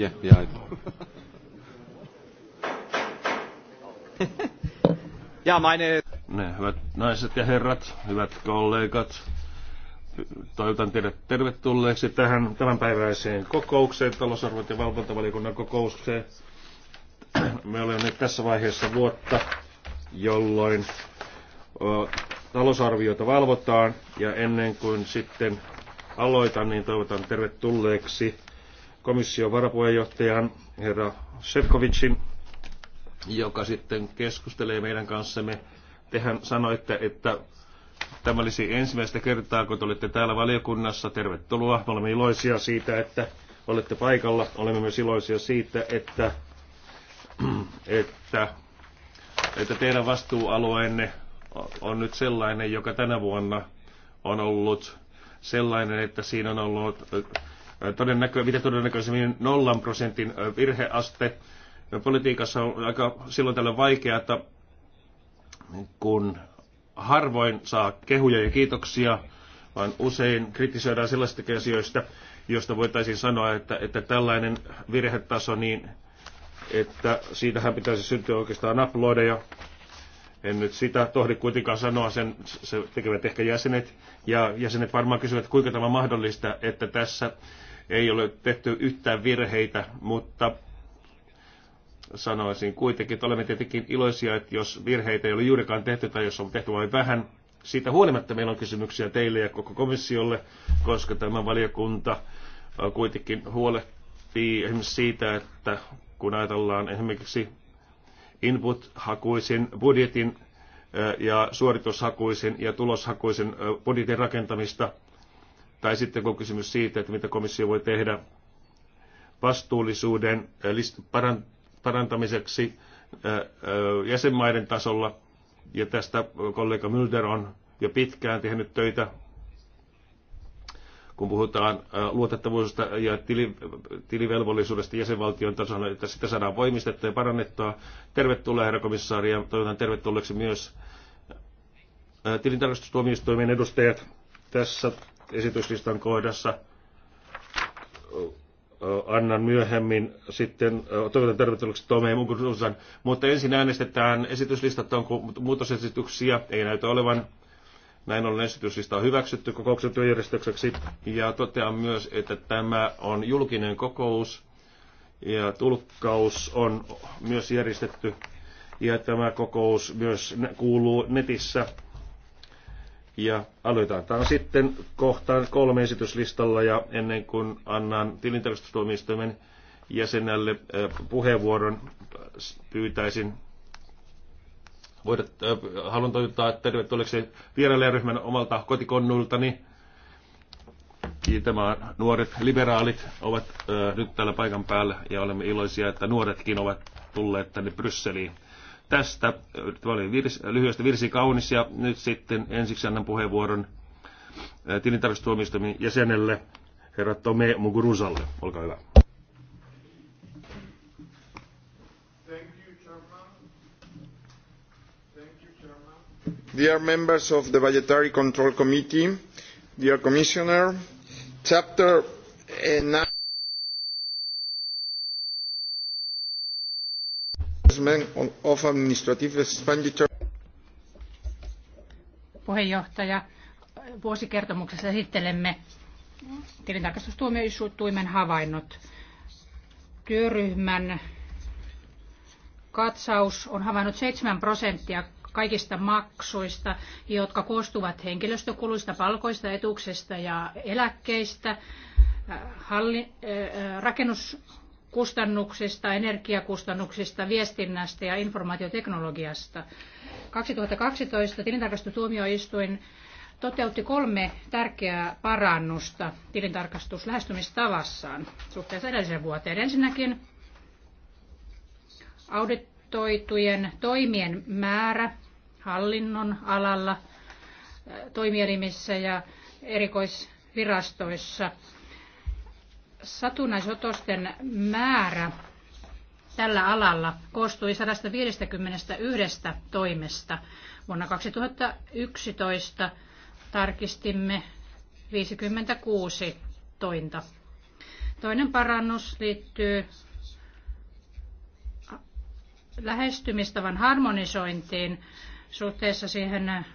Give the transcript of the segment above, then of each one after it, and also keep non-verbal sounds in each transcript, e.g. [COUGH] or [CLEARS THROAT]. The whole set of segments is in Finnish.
Yeah, yeah, [LAUGHS] ja meine... Ne, hyvät naiset ja herrat, hyvät kollegat, toivotan teidät tervetulleeksi tähän tämänpäiväiseen kokoukseen, talousarvot ja valvontavaliokunnan kokoukseen. Me olemme nyt tässä vaiheessa vuotta, jolloin talousarviota valvotaan ja ennen kuin sitten aloitan, niin toivotan tervetulleeksi komission varapuheenjohtajan herra Shevkovicin, joka sitten keskustelee meidän kanssamme. Tehän sanoitte, että tämä olisi ensimmäistä kertaa, kun te olette täällä valiokunnassa. Tervetuloa. Me olemme iloisia siitä, että olette paikalla. Olemme myös iloisia siitä, että, että, että teidän vastuualueenne on nyt sellainen, joka tänä vuonna on ollut sellainen, että siinä on ollut todennäkö, mitä todennäköisemmin nollan prosentin virheaste. No, politiikassa on aika silloin tällöin että kun harvoin saa kehuja ja kiitoksia, vaan usein kritisoidaan sellaisista asioista, josta voitaisiin sanoa, että, että tällainen virhetaso, niin että siitähän pitäisi syntyä oikeastaan uploadeja. En nyt sitä tohdi kuitenkaan sanoa, sen se tekevät ehkä jäsenet. Ja jäsenet varmaan kysyvät, kuinka tämä mahdollista, että tässä ei ole tehty yhtään virheitä, mutta sanoisin kuitenkin, että olemme tietenkin iloisia, että jos virheitä ei ole juurikaan tehty tai jos on tehty vain vähän, siitä huolimatta meillä on kysymyksiä teille ja koko komissiolle, koska tämä valiokunta kuitenkin huolehtii esimerkiksi siitä, että kun ajatellaan esimerkiksi input-hakuisin budjetin ja suoritushakuisin ja tuloshakuisin budjetin rakentamista, tai sitten kun on kysymys siitä, että mitä komissio voi tehdä vastuullisuuden parantamiseksi jäsenmaiden tasolla, ja tästä kollega Mulder on jo pitkään tehnyt töitä, kun puhutaan luotettavuudesta ja tilivelvollisuudesta jäsenvaltion tasolla, että sitä saadaan voimistettua ja parannettua. Tervetuloa, herra komissaari, ja toivotan tervetulleeksi myös tilintarkastustuomioistuimen edustajat. Tässä esityslistan kohdassa. Annan myöhemmin sitten, toivotan tervetulleeksi Tomeen Mukurusan, mutta ensin äänestetään esityslistat, onko muutosesityksiä, ei näytä olevan. Näin ollen esityslista on hyväksytty kokouksen työjärjestykseksi ja totean myös, että tämä on julkinen kokous ja tulkkaus on myös järjestetty ja tämä kokous myös kuuluu netissä. Ja aloitetaan sitten kohtaan kolme esityslistalla ja ennen kuin annan tilintarkastustuomioistuimen jäsenelle äh, puheenvuoron, pyytäisin voidat, äh, haluan toivottaa tervetulleeksi vierailijaryhmän omalta kotikonnultani. Kiitämään nuoret liberaalit ovat äh, nyt täällä paikan päällä ja olemme iloisia, että nuoretkin ovat tulleet tänne Brysseliin. Tästä tämä oli virs, lyhyestä virsi kaunis ja nyt sitten ensiksi annan puheenvuoron tilintarkastustuomioistuimen jäsenelle herra Tome Muguruzalle. Olkaa hyvä. dear members of the budgetary control committee dear commissioner chapter 9. Eh, assessment of administrative expenditure. Puheenjohtaja, vuosikertomuksessa esittelemme tilintarkastustuomioistuimen havainnot. Työryhmän katsaus on havainnut 7 prosenttia kaikista maksuista, jotka koostuvat henkilöstökuluista, palkoista, etuuksista ja eläkkeistä, äh, halli, äh, rakennus kustannuksista, energiakustannuksista, viestinnästä ja informaatioteknologiasta. 2012 tilintarkastustuomioistuin toteutti kolme tärkeää parannusta tilintarkastuslähestymistavassaan suhteessa edelliseen vuoteen. Ensinnäkin auditoitujen toimien määrä hallinnon alalla, toimielimissä ja erikoisvirastoissa – satunnaisotosten määrä tällä alalla koostui 151 toimesta. Vuonna 2011 tarkistimme 56 tointa. Toinen parannus liittyy lähestymistavan harmonisointiin suhteessa siihen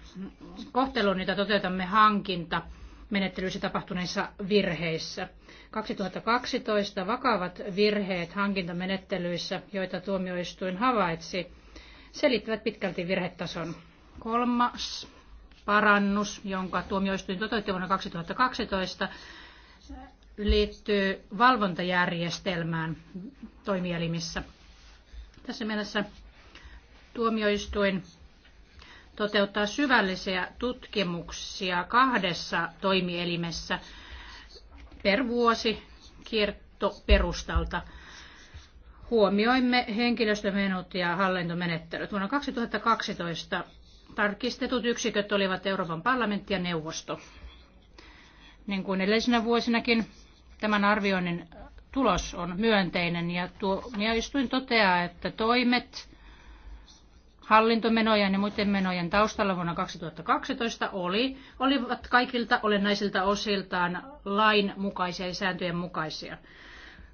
kohteluun, jota toteutamme hankinta menettelyissä tapahtuneissa virheissä. 2012 vakavat virheet hankintamenettelyissä, joita tuomioistuin havaitsi, selittävät pitkälti virhetason. Kolmas parannus, jonka tuomioistuin toteutti vuonna 2012, liittyy valvontajärjestelmään toimielimissä. Tässä mielessä tuomioistuin toteuttaa syvällisiä tutkimuksia kahdessa toimielimessä per vuosi kiertoperustalta. Huomioimme henkilöstömenot ja hallintomenettelyt. Vuonna 2012 tarkistetut yksiköt olivat Euroopan parlamentti ja neuvosto. Niin kuin edellisinä vuosinakin tämän arvioinnin tulos on myönteinen ja tuomioistuin toteaa, että toimet hallintomenojen ja muiden menojen taustalla vuonna 2012 oli, olivat kaikilta olennaisilta osiltaan lain mukaisia ja sääntöjen mukaisia.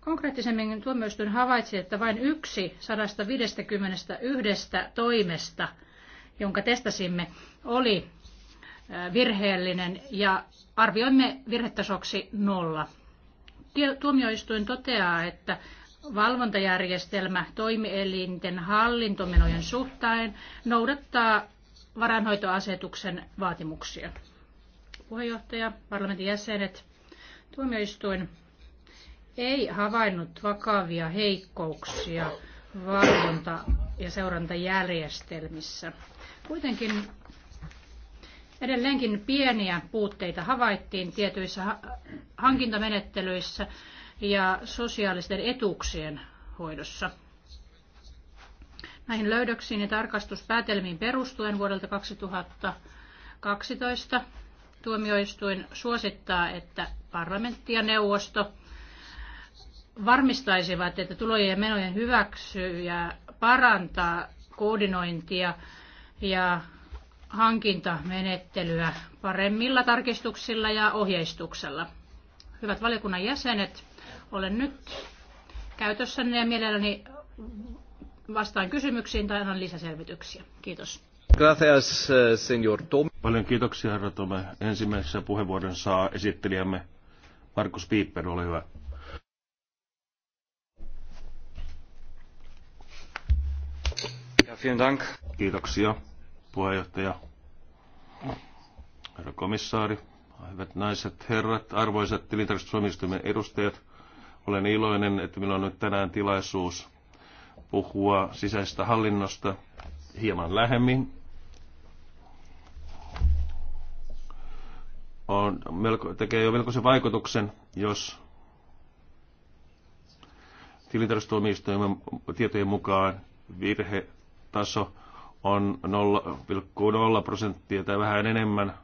Konkreettisemmin tuomioistuin havaitsi, että vain yksi 151 toimesta, jonka testasimme, oli virheellinen ja arvioimme virhetasoksi nolla. Tuomioistuin toteaa, että valvontajärjestelmä toimielinten hallintomenojen suhteen noudattaa varainhoitoasetuksen vaatimuksia. Puheenjohtaja, parlamentin jäsenet, tuomioistuin ei havainnut vakavia heikkouksia valvonta- ja seurantajärjestelmissä. Kuitenkin edelleenkin pieniä puutteita havaittiin tietyissä hankintamenettelyissä ja sosiaalisten etuuksien hoidossa. Näihin löydöksiin ja tarkastuspäätelmiin perustuen vuodelta 2012 tuomioistuin suosittaa, että parlamentti ja neuvosto varmistaisivat, että tulojen ja menojen hyväksyy ja parantaa koordinointia ja hankintamenettelyä paremmilla tarkistuksilla ja ohjeistuksella. Hyvät valiokunnan jäsenet, olen nyt käytössäni ja mielelläni vastaan kysymyksiin tai annan lisäselvityksiä. Kiitos. Gracias, eh, señor Tom. Paljon kiitoksia, herra Tome. Ensimmäisessä puheenvuoron saa esittelijämme Markus Piipper, ole hyvä. Ja, vielen dank. Kiitoksia, puheenjohtaja. Herra komissaari, hyvät naiset, herrat, arvoisat tilintarkastusomistumme edustajat. Olen iloinen, että minulla on nyt tänään tilaisuus puhua sisäisestä hallinnosta hieman lähemmin. On melko, tekee jo melkoisen vaikutuksen, jos tilintarvistuomioistuimen tietojen mukaan virhetaso on 0,0 prosenttia tai vähän enemmän,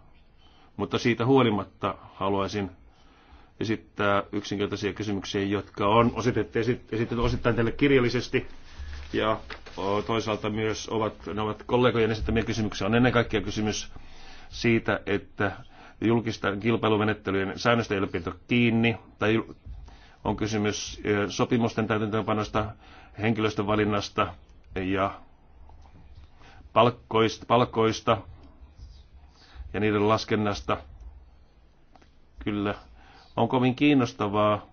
mutta siitä huolimatta haluaisin esittää yksinkertaisia kysymyksiä, jotka on esitetty, esitetty osittain teille kirjallisesti ja toisaalta myös ovat, ne ovat kollegojen esittämiä kysymyksiä. On ennen kaikkea kysymys siitä, että julkisten kilpailumenettelyjen säännöstä ei ole pidetty kiinni, tai on kysymys sopimusten täytäntöönpanosta, henkilöstön valinnasta ja palkkoista, palkkoista ja niiden laskennasta. Kyllä, on kovin kiinnostavaa,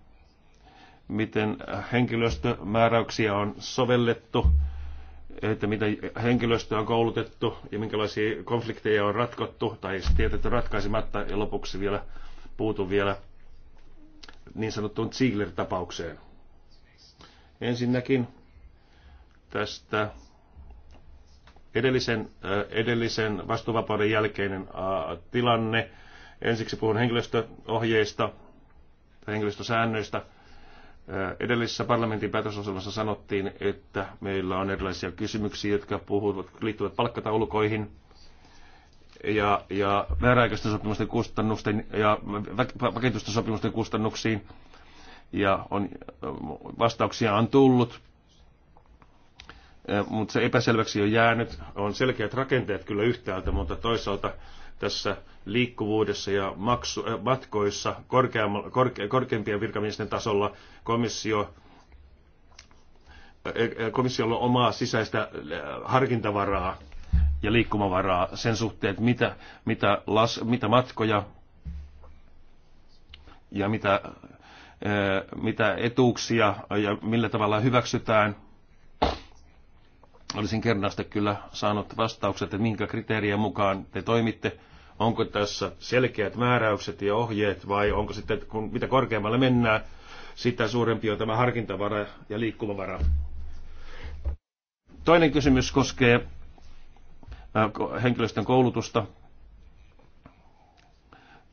miten henkilöstömääräyksiä on sovellettu, että mitä henkilöstöä on koulutettu ja minkälaisia konflikteja on ratkottu tai siis tietetty ratkaisematta. Ja lopuksi vielä puutun vielä niin sanottuun Ziegler-tapaukseen. Ensinnäkin tästä edellisen, äh, edellisen vastuuvapauden jälkeinen äh, tilanne. Ensiksi puhun henkilöstöohjeista tai henkilöstösäännöistä. Edellisessä parlamentin päätösosalmassa sanottiin, että meillä on erilaisia kysymyksiä, jotka puhuvat, liittyvät palkkataulukoihin ja, ja määräaikaisten sopimusten kustannusten ja vakituisten sopimusten kustannuksiin. Ja on, vastauksia on tullut, mutta se epäselväksi on jäänyt. On selkeät rakenteet kyllä yhtäältä, mutta toisaalta tässä liikkuvuudessa ja maksu, äh, matkoissa korke, korkeimpien virkamiesten tasolla komissio äh, äh, komissiolla on omaa sisäistä harkintavaraa ja liikkumavaraa sen suhteen, että mitä, mitä, las, mitä matkoja ja mitä, mitä etuuksia ja millä tavalla hyväksytään. Olisin kernaasti kyllä saanut vastaukset, että minkä kriteerien mukaan te toimitte Onko tässä selkeät määräykset ja ohjeet vai onko sitten, kun mitä korkeammalle mennään, sitä suurempi on tämä harkintavara ja liikkumavara? Toinen kysymys koskee äh, henkilöstön koulutusta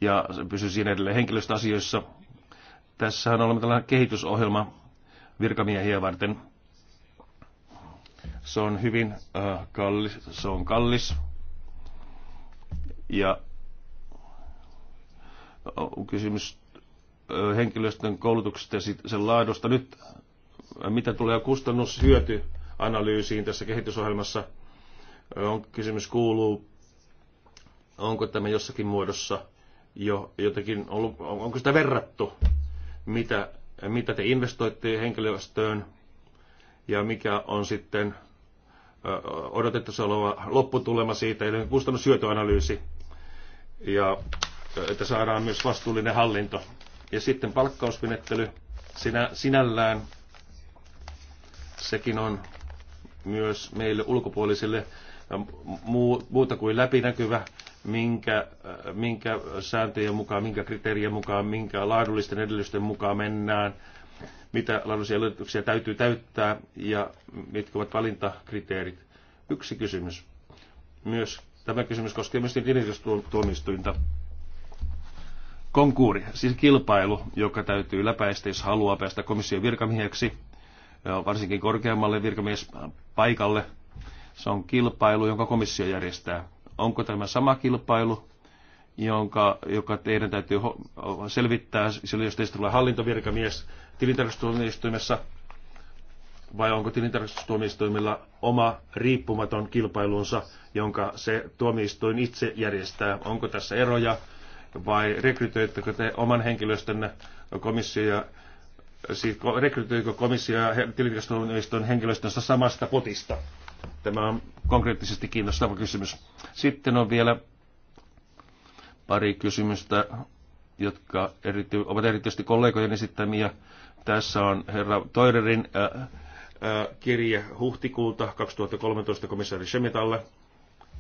ja pysyy siinä edelleen henkilöstöasioissa. Tässähän on ollut tällainen kehitysohjelma virkamiehiä varten. Se on hyvin äh, kallis, se on kallis ja no, kysymys henkilöstön koulutuksesta ja sen laadusta. Nyt mitä tulee kustannushyötyanalyysiin tässä kehitysohjelmassa, on, kysymys kuuluu, onko tämä jossakin muodossa jo jotenkin ollut, onko sitä verrattu, mitä, mitä te investoitte henkilöstöön ja mikä on sitten odotettu oleva lopputulema siitä, eli kustannushyötyanalyysi ja että saadaan myös vastuullinen hallinto. Ja sitten palkkausmenettely sinä, sinällään, sekin on myös meille ulkopuolisille muu, muuta kuin läpinäkyvä, minkä, minkä sääntöjen mukaan, minkä kriteerien mukaan, minkä laadullisten edellysten mukaan mennään, mitä laadullisia edellytyksiä täytyy täyttää ja mitkä ovat valintakriteerit. Yksi kysymys myös Tämä kysymys koskee myös kirjoitustuomistuinta. Konkuuri, siis kilpailu, joka täytyy läpäistä, jos haluaa päästä komission virkamieheksi, varsinkin korkeammalle virkamiespaikalle. Se on kilpailu, jonka komissio järjestää. Onko tämä sama kilpailu, jonka, joka teidän täytyy selvittää, jos teistä tulee hallintovirkamies tilintarkastustuomioistuimessa, vai onko tilintarkastustuomioistuimilla oma riippumaton kilpailunsa, jonka se tuomioistuin itse järjestää? Onko tässä eroja vai rekrytoitteko te oman henkilöstönne komissio ja siis rekrytoiko komissio ja tilintarkastustuomioistuin henkilöstönsä samasta potista? Tämä on konkreettisesti kiinnostava kysymys. Sitten on vielä pari kysymystä, jotka erity, ovat erityisesti kollegojen esittämiä. Tässä on herra Toirerin äh, Äh, kirje huhtikuulta 2013 komissaari Shemetalle,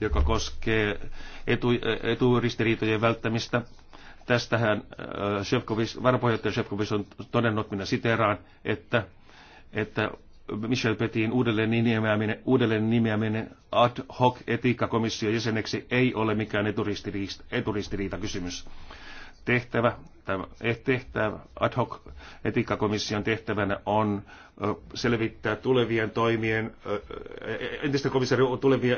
joka koskee etu, äh, eturistiriitojen välttämistä. Tästähän äh, Shevkovis, varapuheenjohtaja Shevkovis on todennut, minä siteeraan, että, että Michel Petin uudelleen nimeäminen, uudelleen nimeäminen ad hoc etiikkakomission jäseneksi ei ole mikään eturistiriita, kysymys tehtävä, eh, tehtävä, ad hoc etiikkakomission tehtävänä on selvittää tulevien toimien, e, e, entistä komissaari tulevia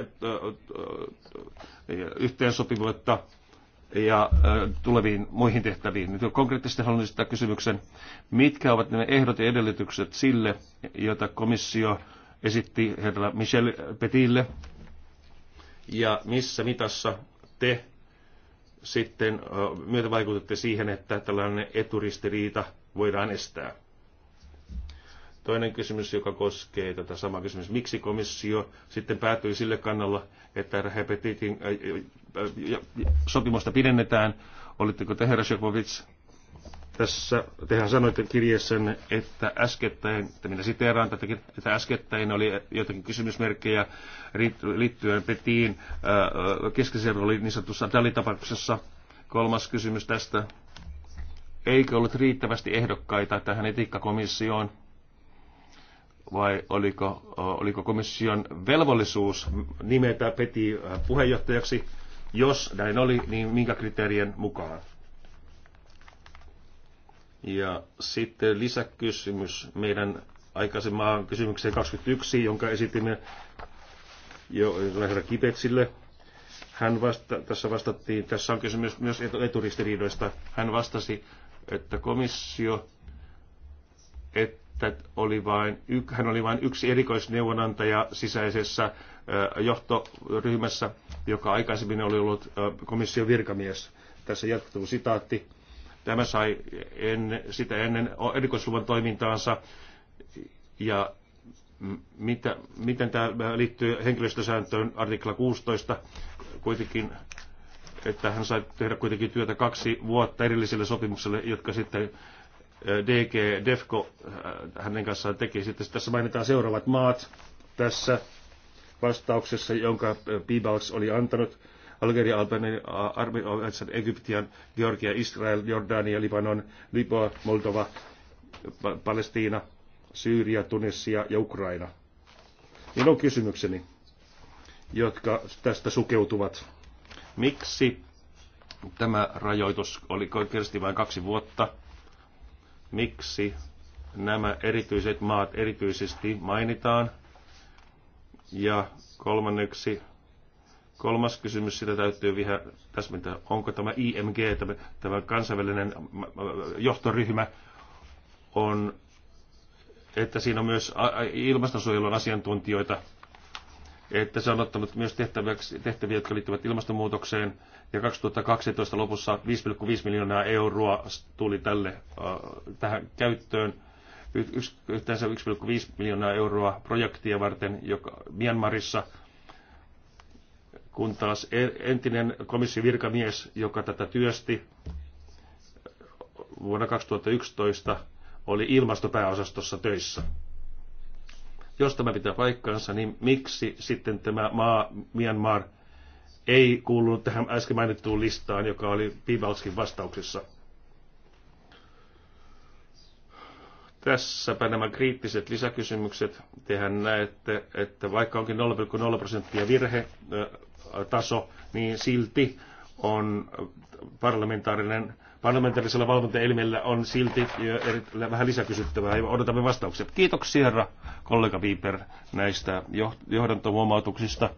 yhteensopivuutta ja tuleviin muihin tehtäviin. Nyt konkreettisesti haluan esittää kysymyksen, mitkä ovat ne ehdot ja edellytykset sille, jota komissio esitti herra Michel Petille, ja missä mitassa te sitten myötä vaikutatte siihen, että tällainen eturistiriita voidaan estää. Toinen kysymys, joka koskee tätä samaa kysymys, miksi komissio sitten päätyi sille kannalla, että repetitin sopimusta pidennetään. Olitteko te, herra Shekovic, tässä tehän sanoitte kirjeessänne, että äskettäin, että minä siteeraan tätäkin, että äskettäin oli jotakin kysymysmerkkejä liittyen Petiin äh, äh, keskisellä oli niin sanotussa Dalitapauksessa. Kolmas kysymys tästä. Eikö ollut riittävästi ehdokkaita tähän etiikkakomissioon? vai oliko, äh, oliko komission velvollisuus nimetä Peti puheenjohtajaksi? Jos näin oli, niin minkä kriteerien mukaan? Ja sitten lisäkysymys meidän aikaisemmaan kysymykseen 21, jonka esitimme jo herra Kipetsille. Hän vasta, tässä vastattiin, tässä on kysymys myös eturistiriidoista. Hän vastasi, että komissio, että oli vain, hän oli vain yksi erikoisneuvonantaja sisäisessä johtoryhmässä, joka aikaisemmin oli ollut komission virkamies. Tässä jatkuu sitaatti Tämä sai en, sitä ennen erikoisluvan toimintaansa ja mitä, miten tämä liittyy henkilöstösääntöön artikla 16 kuitenkin, että hän sai tehdä kuitenkin työtä kaksi vuotta erilliselle sopimukselle, jotka sitten DG Defco hänen kanssaan teki. Sitten tässä mainitaan seuraavat maat tässä vastauksessa, jonka Peebles oli antanut Algeria, Albania, Armenia, Egyptian, Georgia, Israel, Jordania, Libanon, Libya, Moldova, Palestiina, Syyria, Tunisia ja Ukraina. Minun niin kysymykseni, jotka tästä sukeutuvat. Miksi tämä rajoitus oli oikeasti vain kaksi vuotta? Miksi nämä erityiset maat erityisesti mainitaan? Ja kolmanneksi, Kolmas kysymys, sitä täytyy vielä täsmentää, onko tämä IMG, tämä, tämä kansainvälinen äh, äh, johtoryhmä, on, että siinä on myös äh, ilmastonsuojelun asiantuntijoita, että se on ottanut myös tehtäviä, jotka liittyvät ilmastonmuutokseen, ja 2012 lopussa 5,5 miljoonaa euroa tuli tälle tähän käyttöön yhteensä 1,5 miljoonaa euroa projektia varten joka Myanmarissa – kun taas e- entinen komission virkamies, joka tätä työsti vuonna 2011, oli ilmastopääosastossa töissä. Jos tämä pitää paikkansa, niin miksi sitten tämä maa, Myanmar, ei kuulunut tähän äsken mainittuun listaan, joka oli Pivalskin vastauksessa? Tässäpä nämä kriittiset lisäkysymykset. Tehän näette, että vaikka onkin 0,0 prosenttia virhetaso, niin silti on parlamentaarinen parlamentaarisella valvontaelimellä on silti vähän lisäkysyttävää odotamme vastauksia. Kiitoksia herra kollega Viiper, näistä johdantohuomautuksista.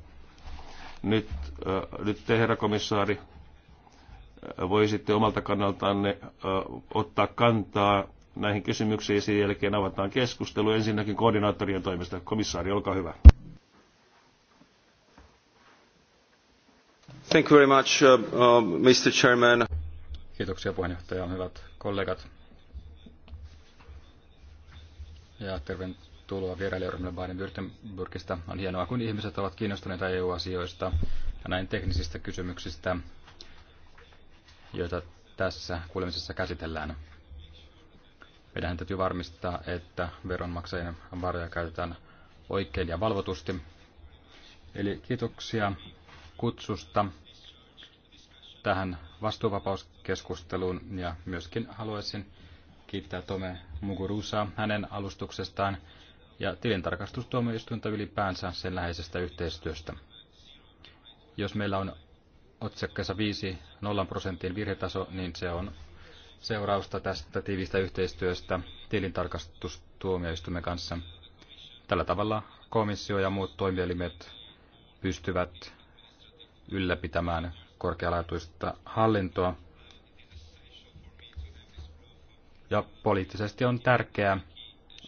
Nyt, äh, nyt te herra komissaari voisitte omalta kannaltanne ottaa kantaa näihin kysymyksiin. Sen jälkeen avataan keskustelu ensinnäkin koordinaattorien toimesta. Komissaari, olkaa hyvä. Thank you very much, uh, uh Mr. Chairman. Kiitoksia puheenjohtaja, hyvät kollegat. Ja tervetuloa vierailijoille Baden-Württembergistä. On hienoa, kun ihmiset ovat kiinnostuneita EU-asioista ja näin teknisistä kysymyksistä, joita tässä kuulemisessa käsitellään. Meidän täytyy varmistaa, että veronmaksajien varoja käytetään oikein ja valvotusti. Eli kiitoksia kutsusta tähän vastuuvapauskeskusteluun ja myöskin haluaisin kiittää Tome Mugurusa hänen alustuksestaan ja tilintarkastustuomioistuinta ylipäänsä sen läheisestä yhteistyöstä. Jos meillä on otsakkeessa 5 nollan prosentin virhetaso, niin se on seurausta tästä tiivistä yhteistyöstä tilintarkastustuomioistuimen kanssa. Tällä tavalla komissio ja muut toimielimet pystyvät ylläpitämään korkealaatuista hallintoa. Ja poliittisesti on tärkeää,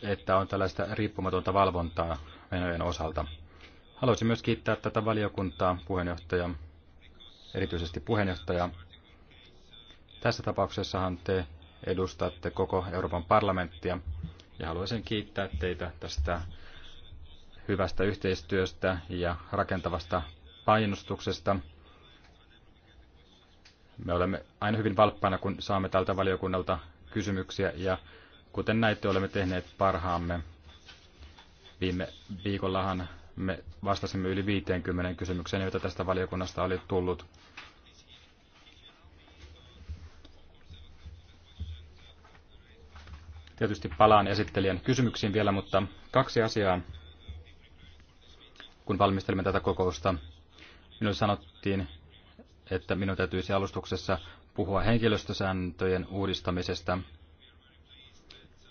että on tällaista riippumatonta valvontaa menojen osalta. Haluaisin myös kiittää tätä valiokuntaa, puheenjohtaja, erityisesti puheenjohtajaa, tässä tapauksessahan te edustatte koko Euroopan parlamenttia ja haluaisin kiittää teitä tästä hyvästä yhteistyöstä ja rakentavasta painostuksesta. Me olemme aina hyvin valppaina, kun saamme tältä valiokunnalta kysymyksiä ja kuten näitte, olemme tehneet parhaamme. Viime viikollahan me vastasimme yli 50 kysymykseen, joita tästä valiokunnasta oli tullut. Tietysti palaan esittelijän kysymyksiin vielä, mutta kaksi asiaa, kun valmistelimme tätä kokousta. Minulle sanottiin, että minun täytyisi alustuksessa puhua henkilöstösääntöjen uudistamisesta.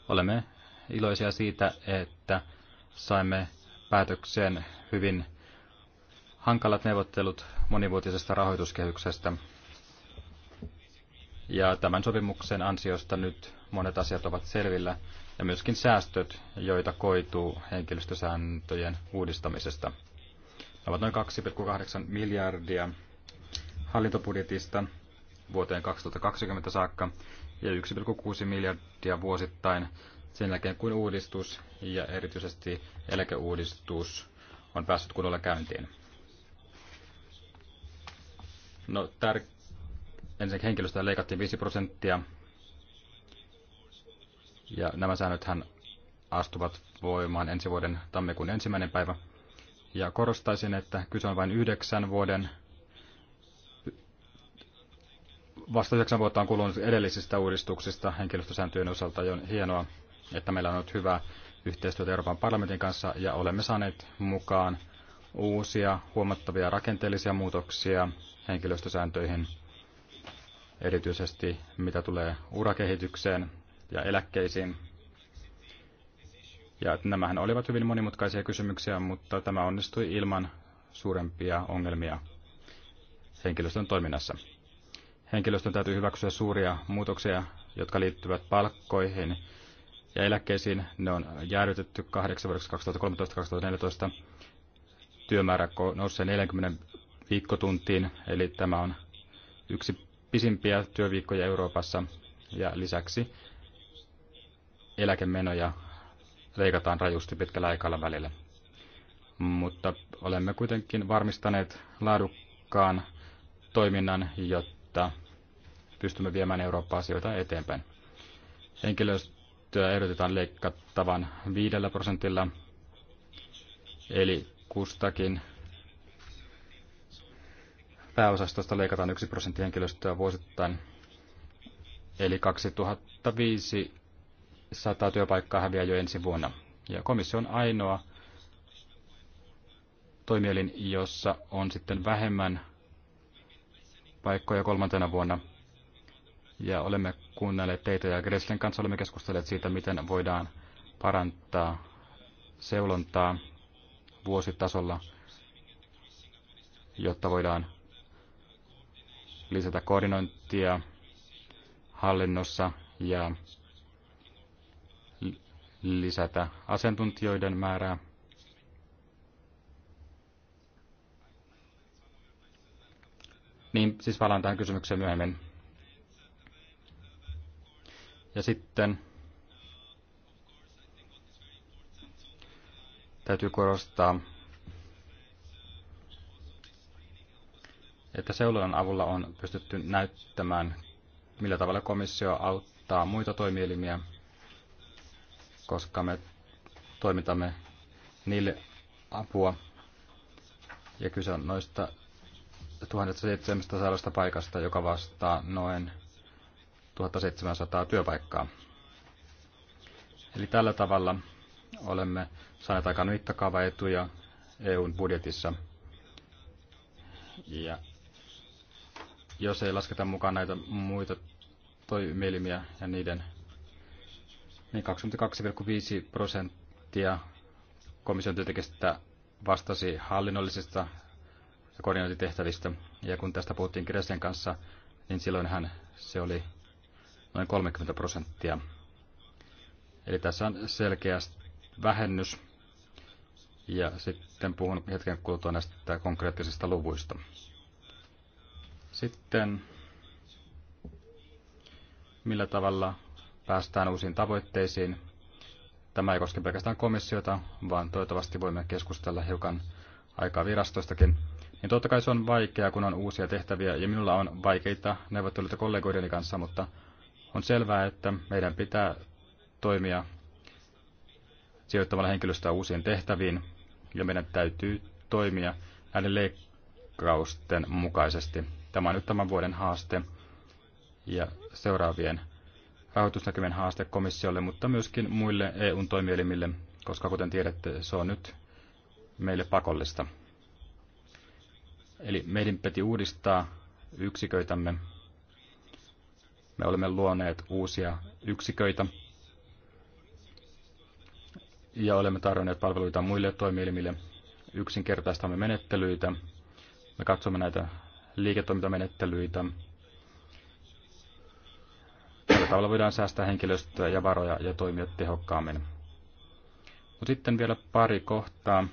Olemme iloisia siitä, että saimme päätökseen hyvin hankalat neuvottelut monivuotisesta rahoituskehyksestä. Ja tämän sopimuksen ansiosta nyt monet asiat ovat selvillä, ja myöskin säästöt, joita koituu henkilöstösääntöjen uudistamisesta. Ne ovat noin 2,8 miljardia hallintobudjetista vuoteen 2020 saakka ja 1,6 miljardia vuosittain sen jälkeen, kun uudistus ja erityisesti eläkeuudistus on päässyt kunnolla käyntiin. No, tär- ensinnäkin henkilöstöä leikattiin 5 prosenttia ja nämä säännöthän astuvat voimaan ensi vuoden tammikuun ensimmäinen päivä. Ja korostaisin, että kyse on vain yhdeksän vuoden, vasta yhdeksän vuotta on kulunut edellisistä uudistuksista henkilöstösääntöjen osalta, ja on hienoa, että meillä on ollut hyvää yhteistyötä Euroopan parlamentin kanssa, ja olemme saaneet mukaan uusia huomattavia rakenteellisia muutoksia henkilöstösääntöihin, erityisesti mitä tulee urakehitykseen ja eläkkeisiin. Ja nämähän olivat hyvin monimutkaisia kysymyksiä, mutta tämä onnistui ilman suurempia ongelmia henkilöstön toiminnassa. Henkilöstön täytyy hyväksyä suuria muutoksia, jotka liittyvät palkkoihin ja eläkkeisiin. Ne on jäädytetty kahdeksan vuodeksi 2013-2014. Työmäärä nousee 40 viikkotuntiin, eli tämä on yksi pisimpiä työviikkoja Euroopassa. Ja lisäksi eläkemenoja leikataan rajusti pitkällä välillä. Mutta olemme kuitenkin varmistaneet laadukkaan toiminnan, jotta pystymme viemään Eurooppaa asioita eteenpäin. Henkilöstöä ehdotetaan leikkattavan viidellä prosentilla, eli kustakin pääosastosta leikataan yksi prosentti henkilöstöä vuosittain. Eli 2005 100 työpaikkaa häviää jo ensi vuonna. Ja komissio on ainoa toimielin, jossa on sitten vähemmän paikkoja kolmantena vuonna. Ja olemme kuunnelleet teitä ja Greslen kanssa olemme keskustelleet siitä, miten voidaan parantaa seulontaa vuositasolla, jotta voidaan lisätä koordinointia hallinnossa ja lisätä asiantuntijoiden määrää. Niin, siis palaan tähän kysymykseen myöhemmin. Ja sitten täytyy korostaa, että seulojen avulla on pystytty näyttämään, millä tavalla komissio auttaa muita toimielimiä – koska me toimitamme niille apua. Ja kyse on noista 1700 paikasta, joka vastaa noin 1700 työpaikkaa. Eli tällä tavalla olemme saaneet mittakaava etuja EUn budjetissa. Ja jos ei lasketa mukaan näitä muita toimielimiä ja niiden niin 22,5 prosenttia komission työntekijästä vastasi hallinnollisista ja koordinointitehtävistä. Ja kun tästä puhuttiin Kresen kanssa, niin silloin hän se oli noin 30 prosenttia. Eli tässä on selkeä vähennys. Ja sitten puhun hetken kuluttua näistä konkreettisista luvuista. Sitten millä tavalla päästään uusiin tavoitteisiin. Tämä ei koske pelkästään komissiota, vaan toivottavasti voimme keskustella hiukan aikaa virastoistakin. Niin totta kai se on vaikeaa, kun on uusia tehtäviä, ja minulla on vaikeita neuvotteluita kollegoideni kanssa, mutta on selvää, että meidän pitää toimia sijoittamalla henkilöstöä uusiin tehtäviin, ja meidän täytyy toimia näiden leikkausten mukaisesti. Tämä on nyt tämän vuoden haaste, ja seuraavien rahoitusnäkymien haaste komissiolle, mutta myöskin muille eu toimielimille, koska kuten tiedätte, se on nyt meille pakollista. Eli meidän piti uudistaa yksiköitämme. Me olemme luoneet uusia yksiköitä ja olemme tarjonneet palveluita muille toimielimille. Yksinkertaistamme menettelyitä. Me katsomme näitä liiketoimintamenettelyitä, Tällä tavalla voidaan säästää henkilöstöä ja varoja ja toimia tehokkaammin. Mutta sitten vielä pari kohtaa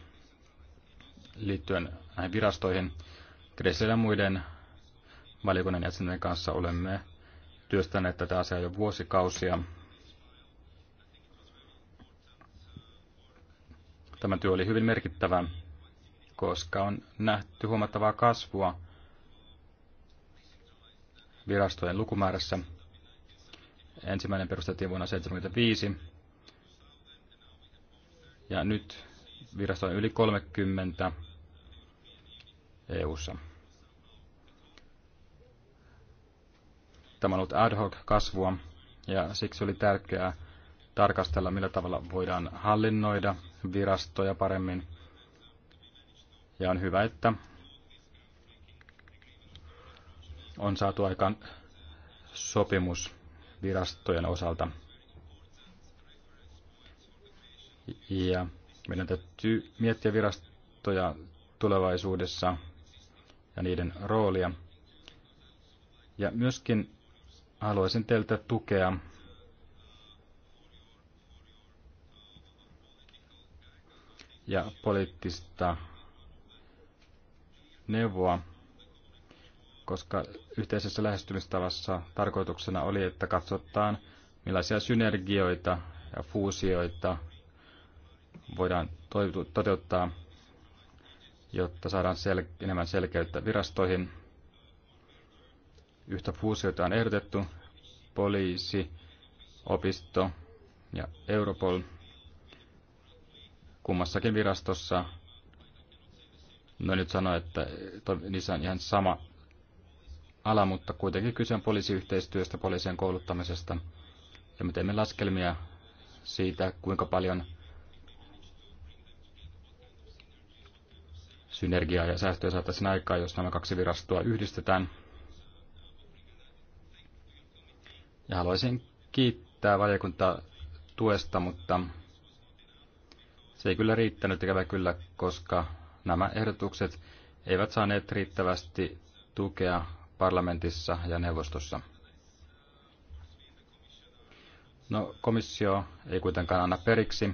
liittyen näihin virastoihin. Kresillä ja muiden valiokunnan jäsenten kanssa olemme työstäneet tätä asiaa jo vuosikausia. Tämä työ oli hyvin merkittävä, koska on nähty huomattavaa kasvua virastojen lukumäärässä Ensimmäinen perustettiin vuonna 1975. Ja nyt virasto on yli 30 EU-ssa. Tämä on ollut ad hoc kasvua ja siksi oli tärkeää tarkastella, millä tavalla voidaan hallinnoida virastoja paremmin. Ja on hyvä, että on saatu aikaan sopimus virastojen osalta. Ja meidän täytyy miettiä virastoja tulevaisuudessa ja niiden roolia. Ja myöskin haluaisin teiltä tukea ja poliittista neuvoa koska yhteisessä lähestymistavassa tarkoituksena oli, että katsotaan, millaisia synergioita ja fuusioita voidaan toteuttaa, jotta saadaan sel- enemmän selkeyttä virastoihin. Yhtä fuusioita on ehdotettu poliisi, opisto ja Europol. Kummassakin virastossa, no nyt sanoa, että niissä on ihan sama ala, mutta kuitenkin kyse on poliisiyhteistyöstä, poliisien kouluttamisesta. Ja me teemme laskelmia siitä, kuinka paljon synergiaa ja säästöjä saataisiin aikaa, jos nämä kaksi virastoa yhdistetään. Ja haluaisin kiittää valiokuntaa tuesta, mutta se ei kyllä riittänyt ikävä kyllä, koska nämä ehdotukset eivät saaneet riittävästi tukea parlamentissa ja neuvostossa. No, komissio ei kuitenkaan anna periksi.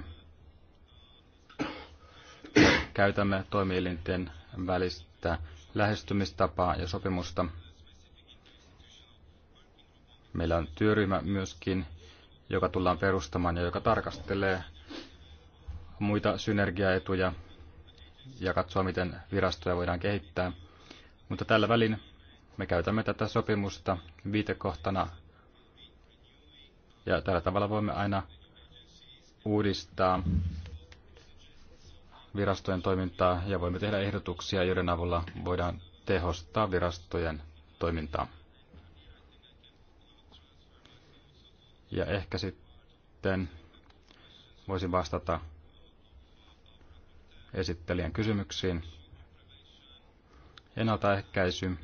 Käytämme toimielinten välistä lähestymistapaa ja sopimusta. Meillä on työryhmä myöskin, joka tullaan perustamaan ja joka tarkastelee muita synergiaetuja ja katsoa, miten virastoja voidaan kehittää. Mutta tällä välin me käytämme tätä sopimusta viitekohtana ja tällä tavalla voimme aina uudistaa virastojen toimintaa ja voimme tehdä ehdotuksia, joiden avulla voidaan tehostaa virastojen toimintaa. Ja ehkä sitten voisin vastata esittelijän kysymyksiin. Ennaltaehkäisy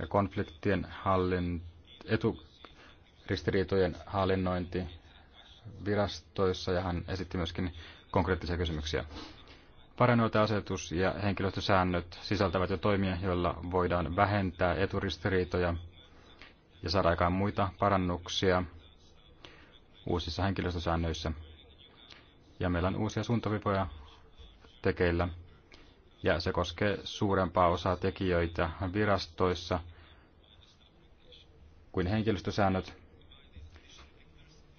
ja konfliktien hallin, eturistiriitojen hallinnointi virastoissa ja hän esitti myöskin konkreettisia kysymyksiä. Paranoita-asetus ja henkilöstösäännöt sisältävät jo toimia, joilla voidaan vähentää eturistiriitoja ja saada aikaan muita parannuksia uusissa henkilöstösäännöissä. Ja meillä on uusia suuntavipoja tekeillä ja se koskee suurempaa osaa tekijöitä virastoissa kuin henkilöstösäännöt.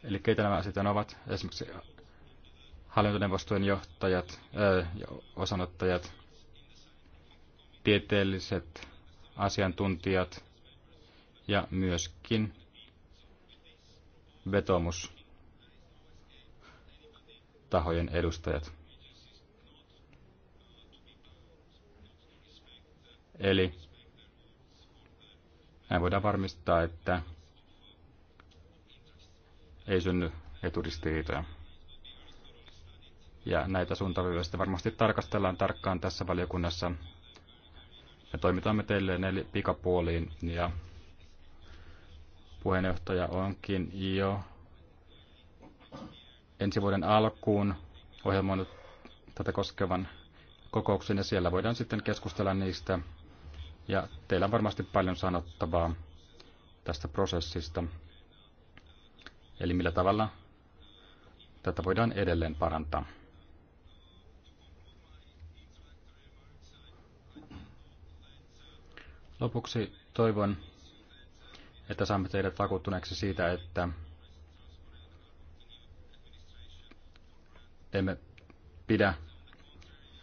Eli keitä nämä sitten ovat? Esimerkiksi hallintoneuvostojen johtajat, ää, osanottajat, tieteelliset asiantuntijat ja myöskin vetomus tahojen edustajat. Eli näin voidaan varmistaa, että ei synny eturistiriitoja. Ja näitä suuntaviivoja sitten varmasti tarkastellaan tarkkaan tässä valiokunnassa. Me toimitamme teille ne pikapuoliin ja puheenjohtaja onkin jo ensi vuoden alkuun ohjelmoinut tätä koskevan kokouksen ja siellä voidaan sitten keskustella niistä ja teillä on varmasti paljon sanottavaa tästä prosessista, eli millä tavalla tätä voidaan edelleen parantaa. Lopuksi toivon, että saamme teidät vakuuttuneeksi siitä, että emme pidä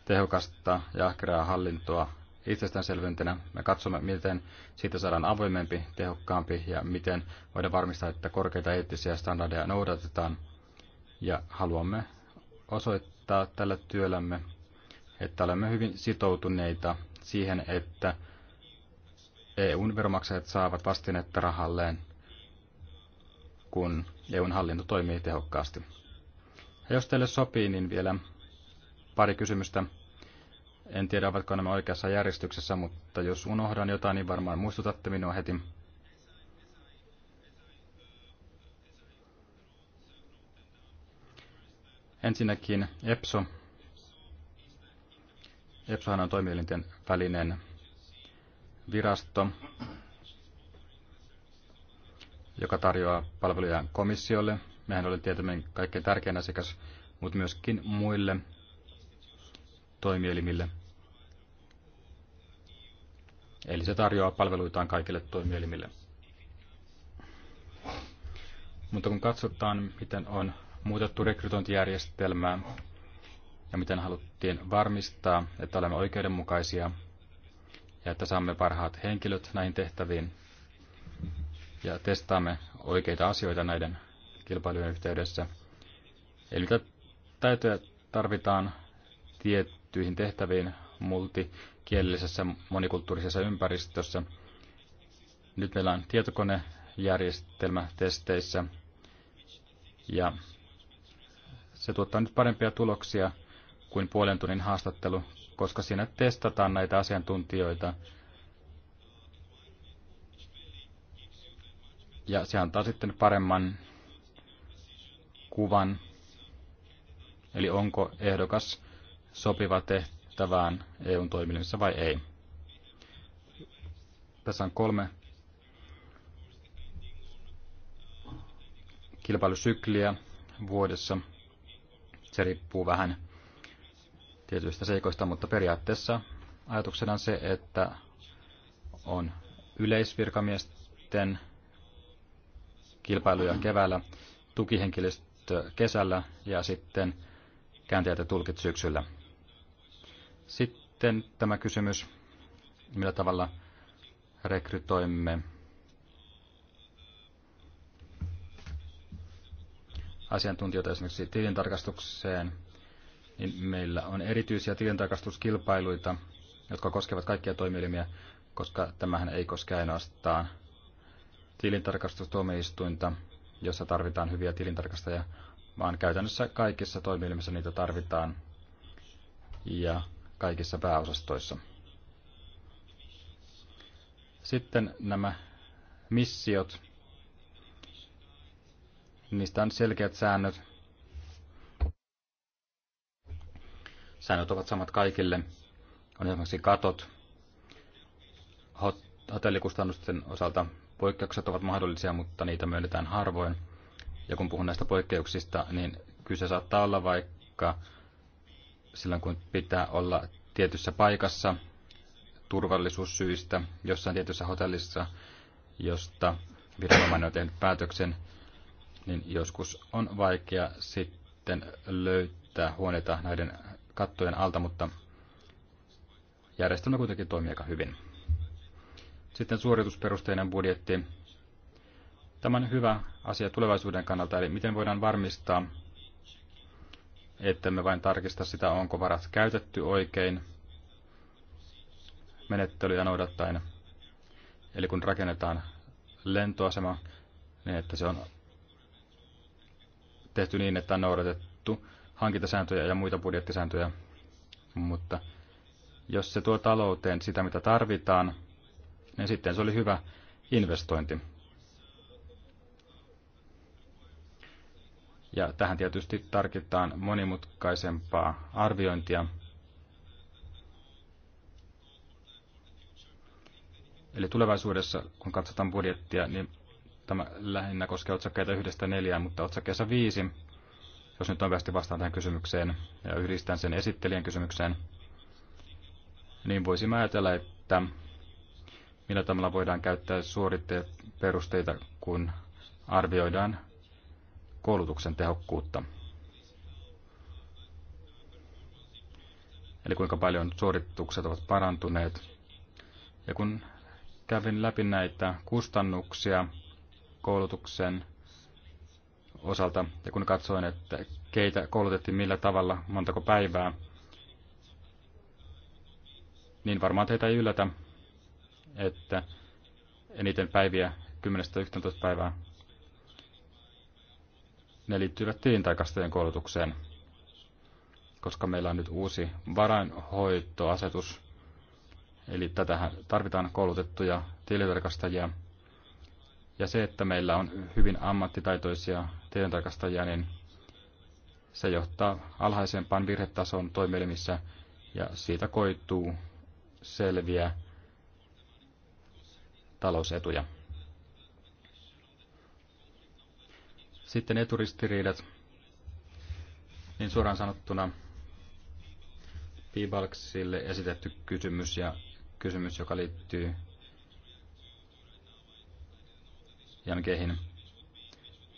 tehokasta ja ahkeraa hallintoa itsestäänselvyytenä. Me katsomme, miten siitä saadaan avoimempi, tehokkaampi ja miten voidaan varmistaa, että korkeita eettisiä standardeja noudatetaan. Ja haluamme osoittaa tällä työllämme, että olemme hyvin sitoutuneita siihen, että EUn veromaksajat saavat vastinetta rahalleen, kun EUn hallinto toimii tehokkaasti. Ja jos teille sopii, niin vielä pari kysymystä en tiedä, ovatko nämä oikeassa järjestyksessä, mutta jos unohdan jotain, niin varmaan muistutatte minua heti. Ensinnäkin EPSO. EPSOhan on toimielinten välinen virasto, joka tarjoaa palveluja komissiolle. Mehän oli tietämme kaikkein tärkein asiakas, mutta myöskin muille toimielimille. Eli se tarjoaa palveluitaan kaikille toimielimille. Mutta kun katsotaan, miten on muutettu rekrytointijärjestelmää ja miten haluttiin varmistaa, että olemme oikeudenmukaisia ja että saamme parhaat henkilöt näihin tehtäviin ja testaamme oikeita asioita näiden kilpailujen yhteydessä. Eli täytyy tarvitaan tiettyihin tehtäviin multi- kielellisessä monikulttuurisessa ympäristössä. Nyt meillä on tietokonejärjestelmä testeissä ja se tuottaa nyt parempia tuloksia kuin puolen tunnin haastattelu, koska siinä testataan näitä asiantuntijoita. Ja se antaa sitten paremman kuvan, eli onko ehdokas sopiva tehtävä merkittävään EUn toiminnassa vai ei. Tässä on kolme kilpailusykliä vuodessa. Se riippuu vähän tietyistä seikoista, mutta periaatteessa ajatuksena on se, että on yleisvirkamiesten kilpailuja keväällä, tukihenkilöstö kesällä ja sitten kääntäjät ja tulkit syksyllä. Sitten tämä kysymys, millä tavalla rekrytoimme asiantuntijoita esimerkiksi tilintarkastukseen, niin meillä on erityisiä tilintarkastuskilpailuita, jotka koskevat kaikkia toimielimiä, koska tämähän ei koske ainoastaan tilintarkastustuomioistuinta, jossa tarvitaan hyviä tilintarkastajia, vaan käytännössä kaikissa toimielimissä niitä tarvitaan. Ja kaikissa pääosastoissa. Sitten nämä missiot. Niistä on selkeät säännöt. Säännöt ovat samat kaikille. On esimerkiksi katot. Hotellikustannusten osalta poikkeukset ovat mahdollisia, mutta niitä myönnetään harvoin. Ja kun puhun näistä poikkeuksista, niin kyse saattaa olla vaikka silloin kun pitää olla tietyssä paikassa turvallisuussyistä jossain tietyssä hotellissa, josta viranomainen on tehnyt päätöksen, niin joskus on vaikea sitten löytää huoneita näiden kattojen alta, mutta järjestelmä kuitenkin toimii aika hyvin. Sitten suoritusperusteinen budjetti. Tämä on hyvä asia tulevaisuuden kannalta, eli miten voidaan varmistaa, että me vain tarkista sitä, onko varat käytetty oikein menettelyjä noudattaen. Eli kun rakennetaan lentoasema, niin että se on tehty niin, että on noudatettu hankintasääntöjä ja muita budjettisääntöjä. Mutta jos se tuo talouteen sitä, mitä tarvitaan, niin sitten se oli hyvä investointi. Ja tähän tietysti tarkitaan monimutkaisempaa arviointia. Eli tulevaisuudessa, kun katsotaan budjettia, niin tämä lähinnä koskee otsakkeita yhdestä neljään, mutta otsakkeessa viisi, jos nyt nopeasti vastaan tähän kysymykseen ja yhdistän sen esittelijän kysymykseen, niin voisi ajatella, että millä tavalla voidaan käyttää suoritteet perusteita, kun arvioidaan koulutuksen tehokkuutta. Eli kuinka paljon suoritukset ovat parantuneet. Ja kun kävin läpi näitä kustannuksia koulutuksen osalta, ja kun katsoin, että keitä koulutettiin millä tavalla, montako päivää, niin varmaan teitä ei yllätä, että eniten päiviä 10-11 päivää ne liittyvät tilintarkastajien koulutukseen, koska meillä on nyt uusi varainhoitoasetus, eli tätähän tarvitaan koulutettuja tilintarkastajia. Ja se, että meillä on hyvin ammattitaitoisia tilintarkastajia, niin se johtaa alhaisempaan virhetason toimielimissä ja siitä koituu selviä talousetuja. Sitten eturistiriidat, niin suoraan sanottuna Pibalksille esitetty kysymys ja kysymys, joka liittyy jankeihin,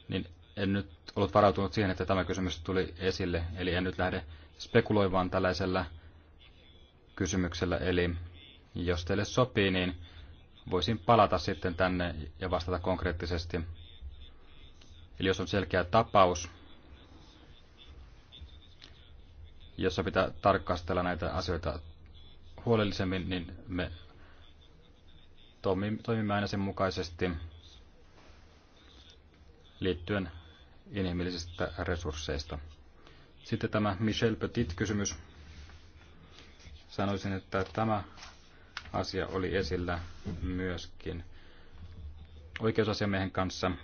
niin en nyt ollut varautunut siihen, että tämä kysymys tuli esille, eli en nyt lähde spekuloimaan tällaisella kysymyksellä, eli jos teille sopii, niin voisin palata sitten tänne ja vastata konkreettisesti Eli jos on selkeä tapaus, jossa pitää tarkastella näitä asioita huolellisemmin, niin me toimimme aina sen mukaisesti liittyen inhimillisistä resursseista. Sitten tämä Michel Petit-kysymys. Sanoisin, että tämä asia oli esillä myöskin oikeusasiamiehen kanssa –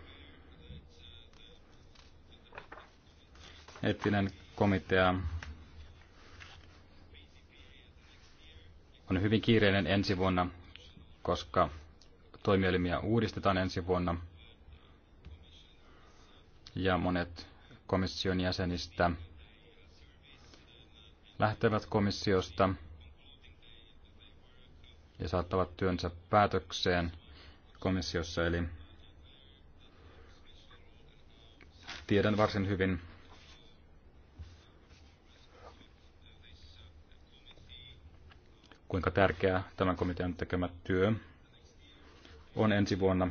eettinen komitea on hyvin kiireinen ensi vuonna, koska toimielimiä uudistetaan ensi vuonna. Ja monet komission jäsenistä lähtevät komissiosta ja saattavat työnsä päätökseen komissiossa. Eli tiedän varsin hyvin kuinka tärkeää tämän komitean tekemä työ on ensi vuonna.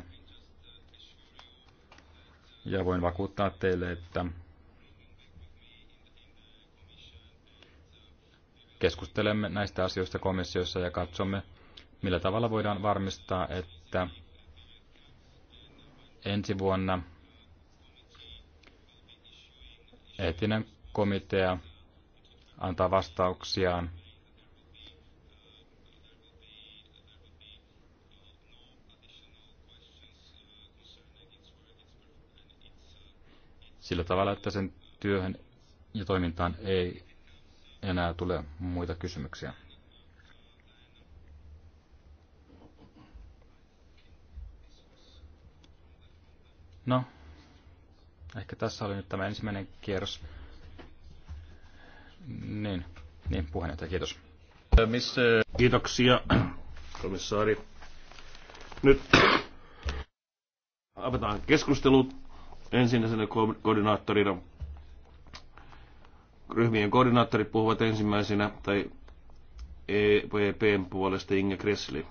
Ja voin vakuuttaa teille, että keskustelemme näistä asioista komissiossa ja katsomme, millä tavalla voidaan varmistaa, että ensi vuonna eettinen komitea antaa vastauksiaan sillä tavalla, että sen työhön ja toimintaan ei enää tule muita kysymyksiä. No, ehkä tässä oli nyt tämä ensimmäinen kierros. Niin, niin puheenjohtaja, kiitos. Kiitoksia, komissaari. Nyt avataan keskustelut ensimmäisenä koordinaattorina. Ryhmien koordinaattorit puhuvat ensimmäisenä, tai EPPn puolesta Inge Kressli.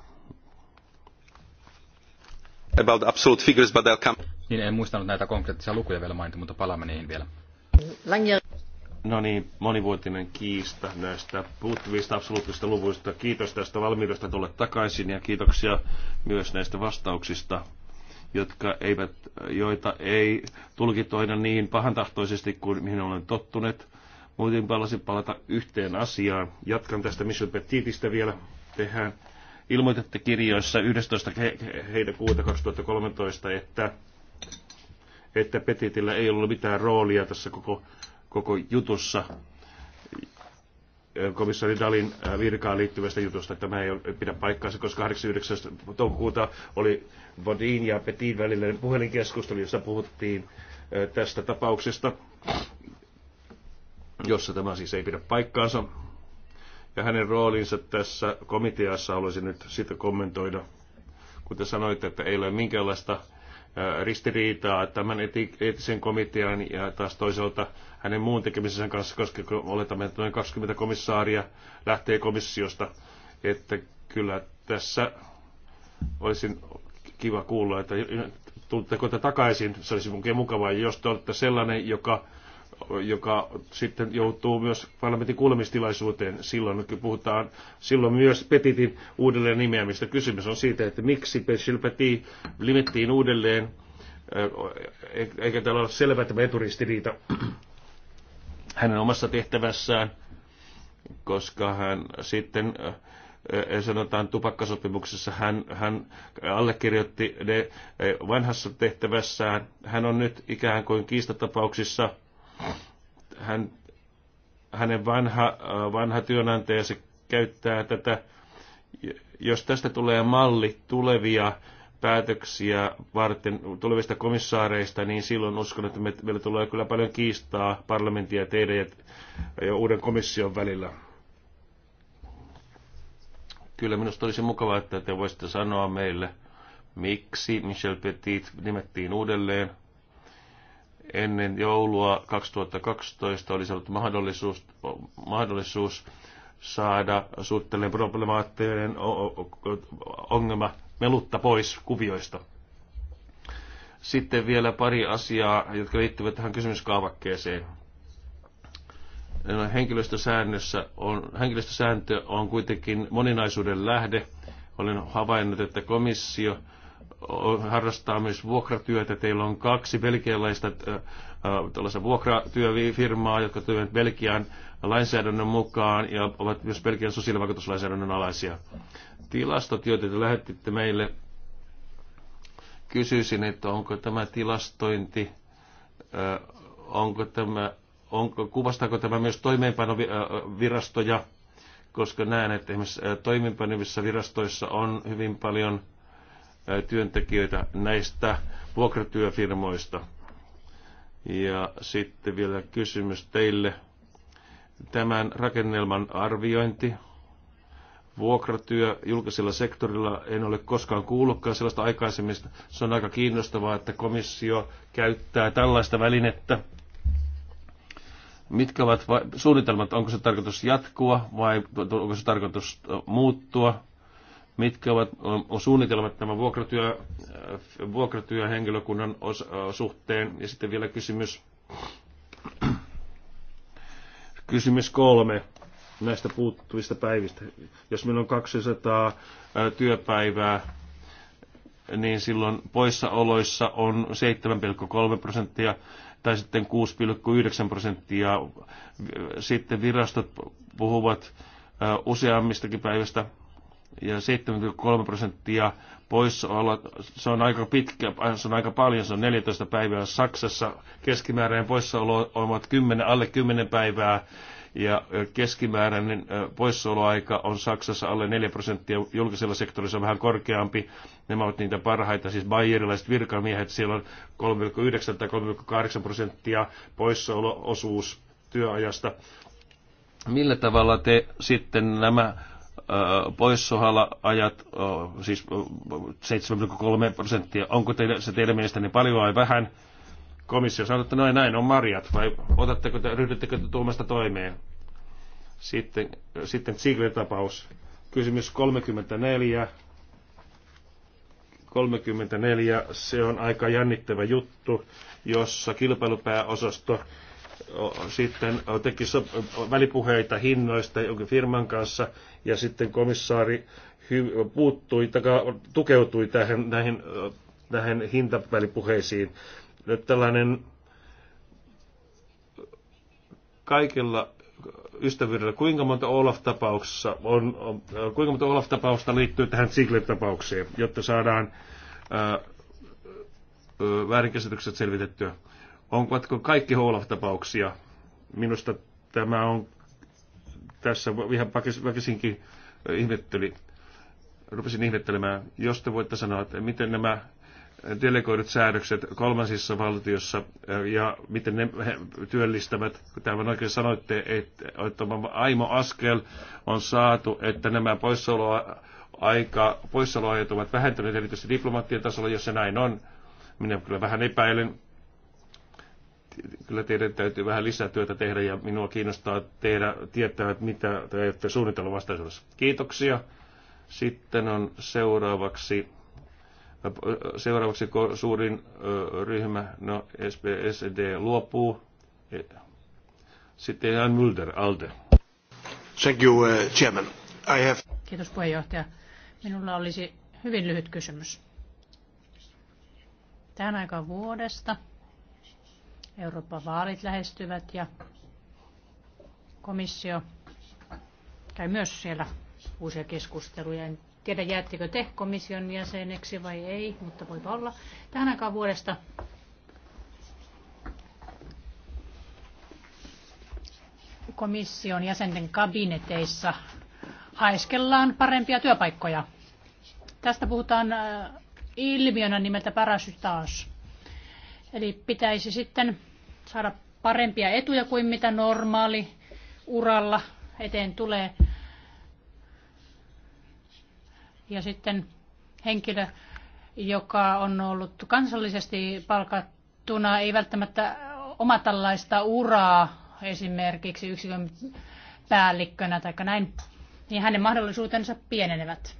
About absolute figures, but they'll come. Niin, en muistanut näitä konkreettisia lukuja vielä mainita, mutta palaamme niihin vielä. Langer. No niin, monivuotinen kiista näistä puuttuvista absoluuttisista luvuista. Kiitos tästä valmiudesta tulla takaisin ja kiitoksia myös näistä vastauksista jotka eivät, joita ei tulkitoida niin pahantahtoisesti kuin mihin olen tottunut. Muuten palasin palata yhteen asiaan. Jatkan tästä Michel Petitistä vielä. Tehdään ilmoitette kirjoissa 11. heinäkuuta 2013, että, että Petitillä ei ollut mitään roolia tässä koko, koko jutussa komissaari Dalin äh, virkaan liittyvästä jutusta. Tämä ei pidä paikkaansa, koska 89. toukokuuta oli Bodin ja Petin välillä puhelinkeskustelu, jossa puhuttiin äh, tästä tapauksesta, jossa tämä siis ei pidä paikkaansa. Ja hänen roolinsa tässä komiteassa haluaisin nyt sitä kommentoida. Kun te sanoitte, että ei ole minkäänlaista ristiriitaa tämän eettisen komitean ja taas toisaalta hänen muun tekemisensä kanssa, koska oletamme, että noin 20 komissaaria lähtee komissiosta. Että kyllä tässä olisin kiva kuulla, että tuutteko te takaisin, se olisi mukavaa, jos te olette sellainen, joka joka sitten joutuu myös parlamentin kuulemistilaisuuteen silloin, kun puhutaan silloin myös Petitin uudelleen nimeämistä. Kysymys on siitä, että miksi Petit Petit limittiin uudelleen, eh, e-, eikä täällä ole selvä tämä eturistiriita [CLEARS THROAT] hänen omassa tehtävässään, koska hän sitten eh, eh, sanotaan tupakkasopimuksessa, hän, hän allekirjoitti ne vanhassa tehtävässään. Hän on nyt ikään kuin kiistatapauksissa – hän, hänen vanha, äh, vanha työnantajansa käyttää tätä, jos tästä tulee malli tulevia päätöksiä varten tulevista komissaareista, niin silloin uskon, että meillä tulee kyllä paljon kiistaa parlamentin ja teidän ja, ja uuden komission välillä. Kyllä minusta olisi mukavaa, että te voisitte sanoa meille, miksi Michel Petit nimettiin uudelleen – ennen joulua 2012 olisi ollut mahdollisuus, mahdollisuus saada suhteellinen problemaattinen ongelma melutta pois kuvioista. Sitten vielä pari asiaa, jotka liittyvät tähän kysymyskaavakkeeseen. Henkilöstösäännössä on, henkilöstösääntö on kuitenkin moninaisuuden lähde. Olen havainnut, että komissio harrastaa myös vuokratyötä. Teillä on kaksi belgialaista äh, äh vuokratyöfirmaa, jotka työvät Belgian lainsäädännön mukaan ja ovat myös Belgian sosiaalivakuutuslainsäädännön alaisia. Tilastot, joita te lähetitte meille, kysyisin, että onko tämä tilastointi, äh, onko tämä, onko, kuvastaako tämä myös toimeenpanovirastoja, koska näen, että esimerkiksi äh, toimeenpanovissa virastoissa on hyvin paljon – työntekijöitä näistä vuokratyöfirmoista. Ja sitten vielä kysymys teille. Tämän rakennelman arviointi. Vuokratyö julkisella sektorilla en ole koskaan kuullutkaan sellaista aikaisemmista. Se on aika kiinnostavaa, että komissio käyttää tällaista välinettä. Mitkä ovat suunnitelmat? Onko se tarkoitus jatkua vai onko se tarkoitus muuttua? mitkä ovat on suunnitelmat tämän vuokratyö, äh, vuokratyöhenkilökunnan os, äh, suhteen. Ja sitten vielä kysymys, kysymys kolme näistä puuttuvista päivistä. Jos meillä on 200 äh, työpäivää, niin silloin poissaoloissa on 7,3 prosenttia tai sitten 6,9 prosenttia. Sitten virastot puhuvat useammistakin päivistä ja 73 prosenttia poissaolo, se on aika pitkä, se on aika paljon, se on 14 päivää. Saksassa keskimääräinen poissaolo on 10, alle 10 päivää ja keskimääräinen poissaoloaika on Saksassa alle 4 prosenttia, julkisella sektorilla on vähän korkeampi. Nämä ovat niitä parhaita, siis bayerilaiset virkamiehet, siellä on 3,9 tai 3,8 prosenttia poissaoloosuus työajasta. Millä tavalla te sitten nämä poissohalla ajat, siis 7,3 prosenttia. Onko teidän, se teidän mielestänne paljon vai vähän? Komissio sanoo, että no, näin, näin on marjat, vai otatteko te, ryhdyttekö te tuomasta toimeen? Sitten, sitten Ziegler-tapaus. Kysymys 34. 34, se on aika jännittävä juttu, jossa kilpailupääosasto sitten teki välipuheita hinnoista jonkin firman kanssa ja sitten komissaari puuttui, taka, tukeutui tähän, näihin, näihin hintavälipuheisiin. Nyt tällainen kaikilla ystävyydellä, kuinka monta Olaf-tapauksessa on, kuinka monta Olaf-tapausta liittyy tähän Ziegler-tapaukseen, jotta saadaan ää, väärinkäsitykset selvitettyä onko kaikki Holaf-tapauksia? Minusta tämä on tässä ihan väkisinkin ihmetteli, rupesin ihmettelemään, jos te voitte sanoa, että miten nämä delegoidut säädökset kolmansissa valtiossa äh, ja miten ne työllistävät. on oikein sanoitte, että, että aimo askel on saatu, että nämä poissaoloa aika, poissaoloajat ovat vähentyneet erityisesti diplomaattien tasolla, jos se näin on. Minä kyllä vähän epäilen, kyllä teidän täytyy vähän lisää työtä tehdä ja minua kiinnostaa tehdä, tietää, että mitä te aiotte suunnitella vastaisuudessa. Kiitoksia. Sitten on seuraavaksi, seuraavaksi suurin ryhmä, no SPSD luopuu. E, sitten Jan Mulder, ALDE. Thank you, uh, Chairman. I have... Kiitos puheenjohtaja. Minulla olisi hyvin lyhyt kysymys. Tähän aikaan vuodesta Euroopan vaalit lähestyvät ja komissio käy myös siellä uusia keskusteluja. En tiedä, jäättekö te komission jäseneksi vai ei, mutta voi olla. Tähän aikaan vuodesta komission jäsenten kabineteissa haiskellaan parempia työpaikkoja. Tästä puhutaan äh, ilmiönä nimeltä parasytaas. Eli pitäisi sitten saada parempia etuja kuin mitä normaali uralla eteen tulee. Ja sitten henkilö, joka on ollut kansallisesti palkattuna, ei välttämättä oma tällaista uraa esimerkiksi yksikön päällikkönä tai näin, niin hänen mahdollisuutensa pienenevät.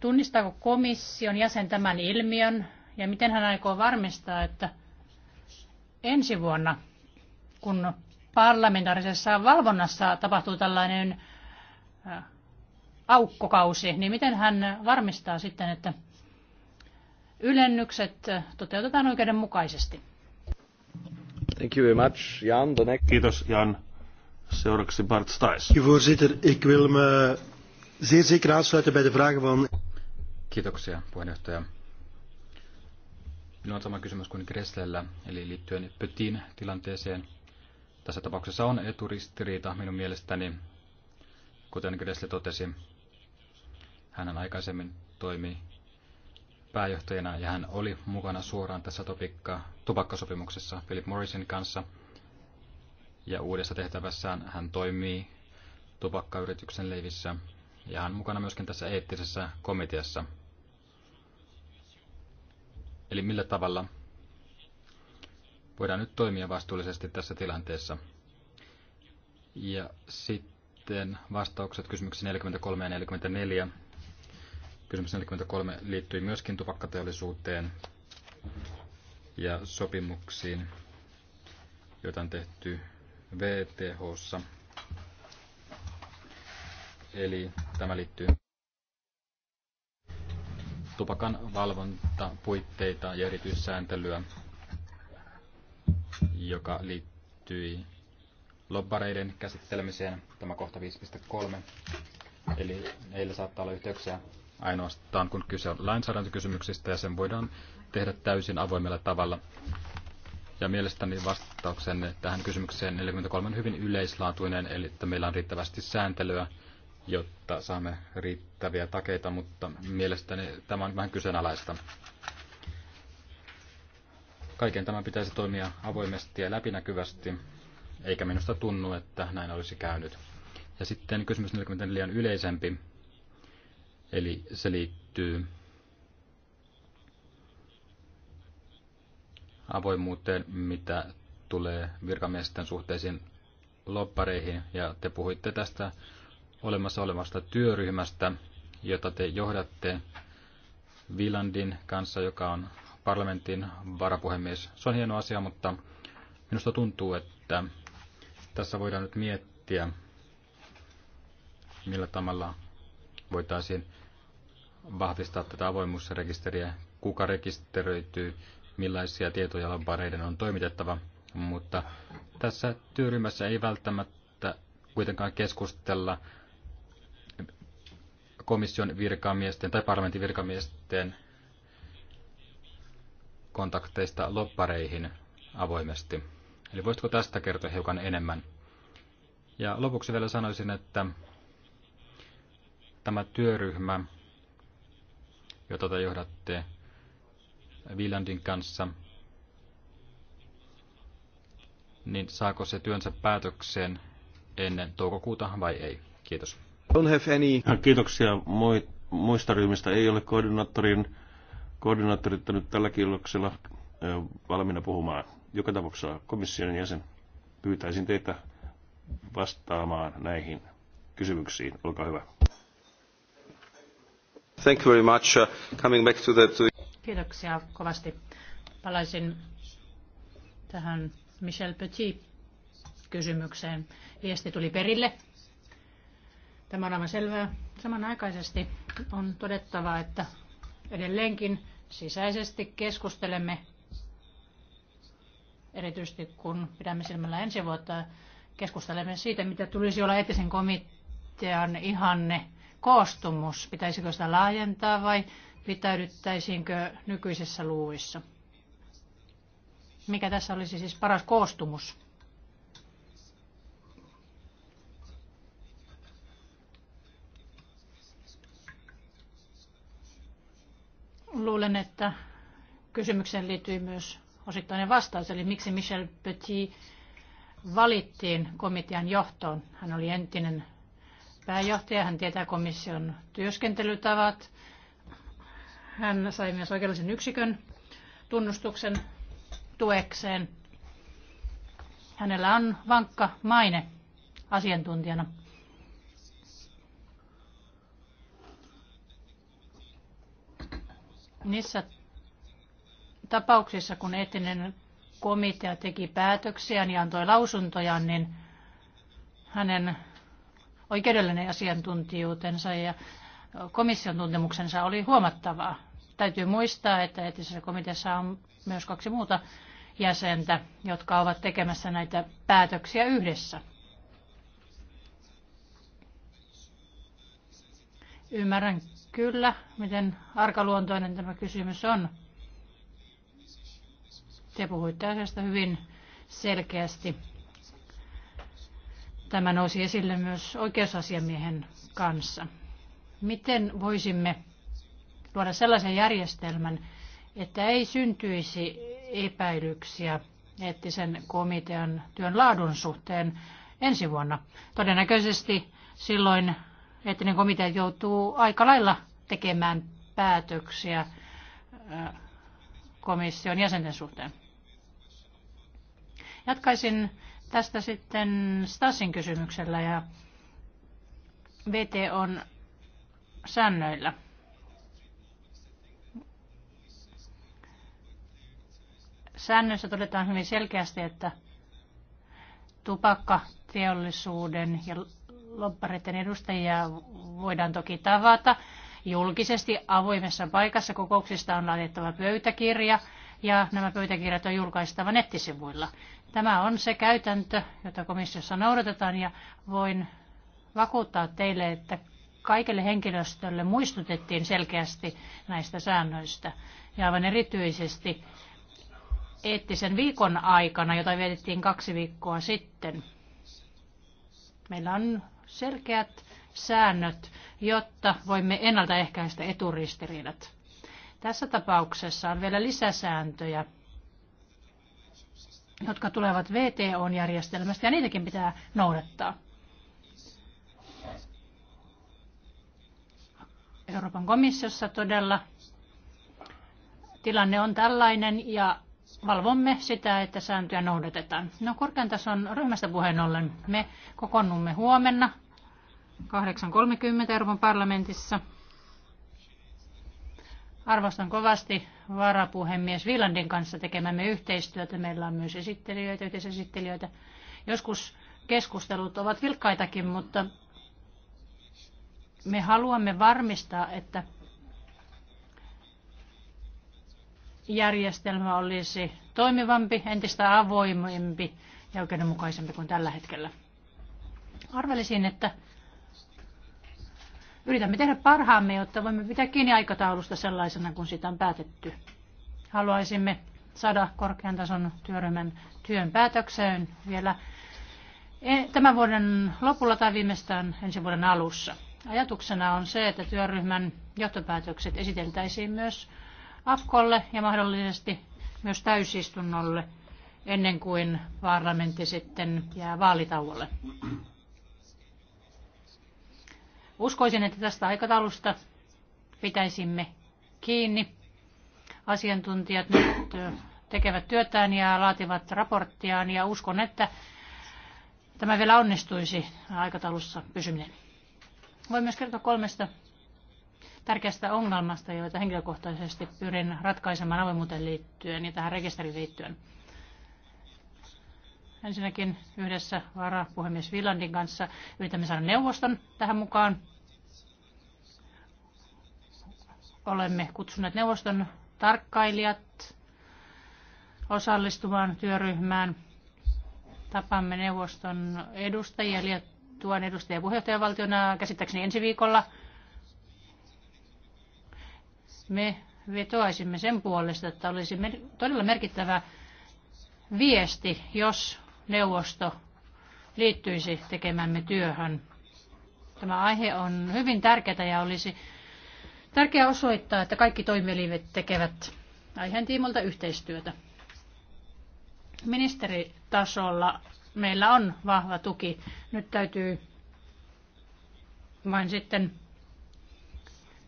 Tunnistaako komission jäsen tämän ilmiön? Ja miten hän aikoo varmistaa, että ensi vuonna, kun parlamentaarisessa valvonnassa tapahtuu tällainen aukkokausi, niin miten hän varmistaa sitten, että ylennykset toteutetaan oikeudenmukaisesti? Thank you very much, Jan. The next... Kiitos, Jan. Seuraavaksi Bart Stais. Voorzitter, ik wil me zeer zeker aansluiten bij de vragen van... Kiitoksia, puheenjohtaja. Minulla on sama kysymys kuin Greslellä, eli liittyen Pötin tilanteeseen. Tässä tapauksessa on eturistiriita minun mielestäni, kuten Gressle totesi. Hän aikaisemmin toimi pääjohtajana ja hän oli mukana suoraan tässä topikka, tupakkasopimuksessa Philip Morrisin kanssa. Ja uudessa tehtävässään hän toimii tupakkayrityksen leivissä ja hän on mukana myöskin tässä eettisessä komiteassa – Eli millä tavalla voidaan nyt toimia vastuullisesti tässä tilanteessa. Ja sitten vastaukset kysymyksiin 43 ja 44. Kysymys 43 liittyy myöskin tupakkateollisuuteen ja sopimuksiin, joita on tehty VTHssa. Eli tämä liittyy tupakan valvontapuitteita ja erityissääntelyä, joka liittyi lobbareiden käsittelemiseen, tämä kohta 5.3. Eli heillä saattaa olla yhteyksiä ainoastaan, kun kyse on lainsäädäntökysymyksistä ja sen voidaan tehdä täysin avoimella tavalla. Ja mielestäni vastauksenne tähän kysymykseen 43 on hyvin yleislaatuinen, eli että meillä on riittävästi sääntelyä jotta saamme riittäviä takeita, mutta mielestäni tämä on vähän kyseenalaista. Kaiken tämän pitäisi toimia avoimesti ja läpinäkyvästi, eikä minusta tunnu, että näin olisi käynyt. Ja sitten kysymys 44 on yleisempi, eli se liittyy avoimuuteen, mitä tulee virkamiesten suhteisiin loppareihin, ja te puhuitte tästä olemassa olevasta työryhmästä, jota te johdatte Vilandin kanssa, joka on parlamentin varapuhemies. Se on hieno asia, mutta minusta tuntuu, että tässä voidaan nyt miettiä, millä tavalla voitaisiin vahvistaa tätä avoimuusrekisteriä, kuka rekisteröityy, millaisia tietoja lampareiden on toimitettava, mutta tässä työryhmässä ei välttämättä kuitenkaan keskustella komission virkamiesten tai parlamentin virkamiesten kontakteista loppareihin avoimesti. Eli voisitko tästä kertoa hiukan enemmän? Ja lopuksi vielä sanoisin, että tämä työryhmä, jota te johdatte Vilandin kanssa, niin saako se työnsä päätökseen ennen toukokuuta vai ei? Kiitos. Don't have any... Kiitoksia muista ryhmistä. Ei ole koordinaattorin, koordinaattorit nyt tällä kierroksella valmiina puhumaan. Joka tapauksessa komission jäsen pyytäisin teitä vastaamaan näihin kysymyksiin. Olkaa hyvä. Thank you very much. Uh, coming back to the... To... Kiitoksia kovasti. Palaisin tähän Michel Petit kysymykseen. Viesti tuli perille Tämä on aivan selvää. Samanaikaisesti on todettava, että edelleenkin sisäisesti keskustelemme, erityisesti kun pidämme silmällä ensi vuotta, keskustelemme siitä, mitä tulisi olla etisen komitean ihanne koostumus. Pitäisikö sitä laajentaa vai pitäydyttäisiinkö nykyisessä luuissa? Mikä tässä olisi siis paras koostumus? Luulen, että kysymykseen liittyy myös osittainen vastaus, eli miksi Michel Petit valittiin komitean johtoon. Hän oli entinen pääjohtaja, hän tietää komission työskentelytavat. Hän sai myös oikeudellisen yksikön tunnustuksen tuekseen. Hänellä on vankka maine asiantuntijana. Niissä tapauksissa, kun eettinen komitea teki päätöksiä ja niin antoi lausuntoja, niin hänen oikeudellinen asiantuntijuutensa ja komission tuntemuksensa oli huomattavaa. Täytyy muistaa, että eettisessä komiteassa on myös kaksi muuta jäsentä, jotka ovat tekemässä näitä päätöksiä yhdessä. Ymmärrän kyllä, miten arkaluontoinen tämä kysymys on. Te puhuitte asiasta hyvin selkeästi. Tämä nousi esille myös oikeusasiamiehen kanssa. Miten voisimme luoda sellaisen järjestelmän, että ei syntyisi epäilyksiä eettisen komitean työn laadun suhteen ensi vuonna? Todennäköisesti silloin eettinen komitea joutuu aika lailla tekemään päätöksiä äh, komission jäsenten suhteen. Jatkaisin tästä sitten Stasin kysymyksellä ja VT on säännöillä. Säännöissä todetaan hyvin selkeästi, että tupakkateollisuuden ja lobbareiden edustajia voidaan toki tavata julkisesti avoimessa paikassa. Kokouksista on laadittava pöytäkirja ja nämä pöytäkirjat on julkaistava nettisivuilla. Tämä on se käytäntö, jota komissiossa noudatetaan ja voin vakuuttaa teille, että kaikille henkilöstölle muistutettiin selkeästi näistä säännöistä ja aivan erityisesti eettisen viikon aikana, jota vietettiin kaksi viikkoa sitten. Meillä on selkeät säännöt, jotta voimme ennaltaehkäistä eturistiriidat. Tässä tapauksessa on vielä lisäsääntöjä, jotka tulevat VTO-järjestelmästä, ja niitäkin pitää noudattaa. Euroopan komissiossa todella tilanne on tällainen, ja valvomme sitä, että sääntöjä noudatetaan. No korkean tason ryhmästä puheen ollen me kokoonnumme huomenna 8.30 Euroopan parlamentissa. Arvostan kovasti varapuhemies Vilandin kanssa tekemämme yhteistyötä. Meillä on myös esittelijöitä, yhteisesittelijöitä. Joskus keskustelut ovat vilkkaitakin, mutta me haluamme varmistaa, että järjestelmä olisi toimivampi, entistä avoimempi ja oikeudenmukaisempi kuin tällä hetkellä. Arvelisin, että yritämme tehdä parhaamme, jotta voimme pitää kiinni aikataulusta sellaisena, kun sitä on päätetty. Haluaisimme saada korkean tason työryhmän työn päätökseen vielä e- tämän vuoden lopulla tai viimeistään ensi vuoden alussa. Ajatuksena on se, että työryhmän johtopäätökset esiteltäisiin myös Afkolle ja mahdollisesti myös täysistunnolle ennen kuin parlamentti sitten jää vaalitauolle. Uskoisin, että tästä aikataulusta pitäisimme kiinni. Asiantuntijat nyt tekevät työtään ja laativat raporttiaan ja uskon, että tämä vielä onnistuisi aikataulussa pysyminen. Voin myös kertoa kolmesta tärkeästä ongelmasta, joita henkilökohtaisesti pyrin ratkaisemaan avoimuuteen liittyen ja tähän rekisteriin liittyen. Ensinnäkin yhdessä varapuhemies Villandin kanssa yritämme saada neuvoston tähän mukaan. Olemme kutsuneet neuvoston tarkkailijat osallistumaan työryhmään. Tapaamme neuvoston edustajia tuon edustajan puheenjohtajavaltiona käsittääkseni ensi viikolla – me vetoaisimme sen puolesta, että olisi todella merkittävä viesti, jos neuvosto liittyisi tekemämme työhön. Tämä aihe on hyvin tärkeä ja olisi tärkeää osoittaa, että kaikki toimielimet tekevät aiheen tiimolta yhteistyötä. Ministeritasolla meillä on vahva tuki. Nyt täytyy vain sitten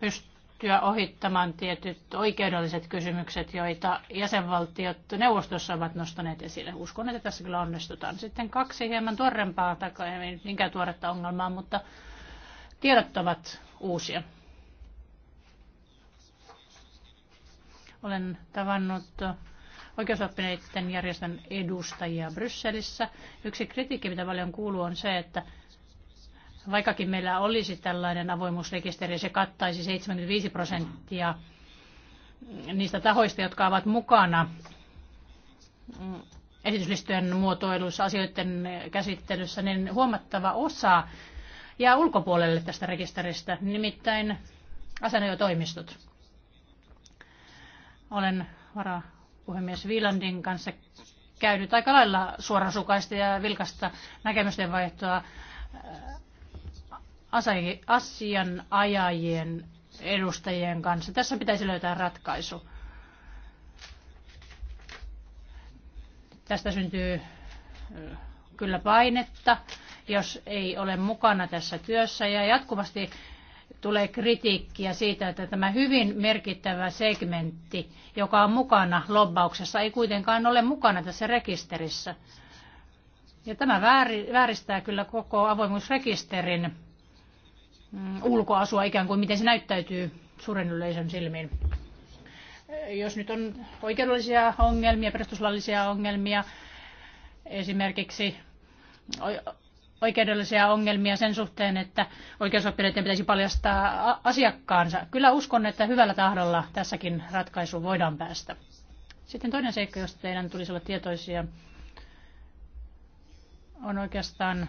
pystyä pystyä ohittamaan tietyt oikeudelliset kysymykset, joita jäsenvaltiot neuvostossa ovat nostaneet esille. Uskon, että tässä kyllä onnistutaan. Sitten kaksi hieman tuorempaa, tai ei niinkään tuoretta ongelmaa, mutta tiedot ovat uusia. Olen tavannut oikeusoppineiden järjestön edustajia Brysselissä. Yksi kritiikki, mitä paljon kuuluu, on se, että Vaikkakin meillä olisi tällainen avoimuusrekisteri, se kattaisi 75 prosenttia niistä tahoista, jotka ovat mukana esityslistojen muotoiluissa, asioiden käsittelyssä, niin huomattava osa jää ulkopuolelle tästä rekisteristä, nimittäin asianajotoimistot. Olen varapuhemies Viilandin kanssa käynyt aika lailla suorasukaista ja vilkasta näkemysten vaihtoa asianajajien edustajien kanssa. Tässä pitäisi löytää ratkaisu. Tästä syntyy kyllä painetta, jos ei ole mukana tässä työssä. Ja jatkuvasti tulee kritiikkiä siitä, että tämä hyvin merkittävä segmentti, joka on mukana lobbauksessa, ei kuitenkaan ole mukana tässä rekisterissä. Ja tämä vääristää kyllä koko avoimuusrekisterin Mm, ulkoasua ikään kuin, miten se näyttäytyy suuren yleisön silmiin. Jos nyt on oikeudellisia ongelmia, perustuslaillisia ongelmia, esimerkiksi oikeudellisia ongelmia sen suhteen, että oikeusoppineiden pitäisi paljastaa asiakkaansa. Kyllä uskon, että hyvällä tahdolla tässäkin ratkaisuun voidaan päästä. Sitten toinen seikka, josta teidän tulisi olla tietoisia, on oikeastaan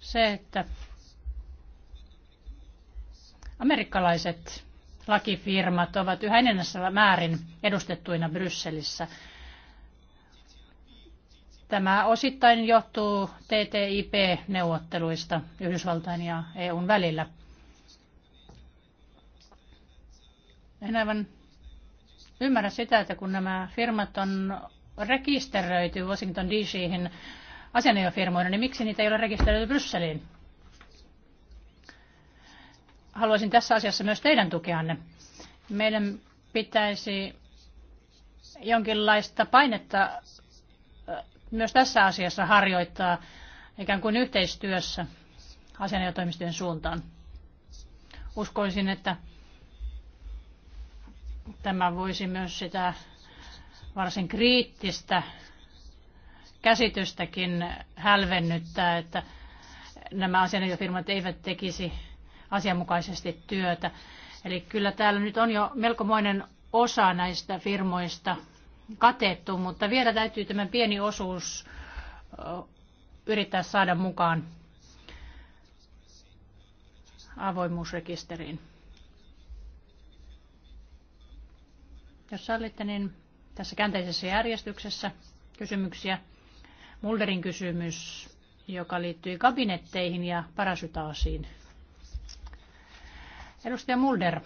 se, että amerikkalaiset lakifirmat ovat yhä enenevässä määrin edustettuina Brysselissä. Tämä osittain johtuu TTIP-neuvotteluista Yhdysvaltain ja EUn välillä. En aivan ymmärrä sitä, että kun nämä firmat on rekisteröity Washington DC:hin asianajofirmoina, niin miksi niitä ei ole rekisteröity Brysseliin? Haluaisin tässä asiassa myös teidän tukeanne. Meidän pitäisi jonkinlaista painetta myös tässä asiassa harjoittaa ikään kuin yhteistyössä asianajotoimistojen suuntaan. Uskoisin, että tämä voisi myös sitä varsin kriittistä käsitystäkin hälvennyttää, että nämä asianajofirmat eivät tekisi asianmukaisesti työtä. Eli kyllä täällä nyt on jo melkomoinen osa näistä firmoista katettu, mutta vielä täytyy tämä pieni osuus yrittää saada mukaan avoimuusrekisteriin. Jos sallitte, niin tässä käänteisessä järjestyksessä kysymyksiä. Mulderin kysymys, joka liittyi kabinetteihin ja parasytaasiin. Edustaja Mulder.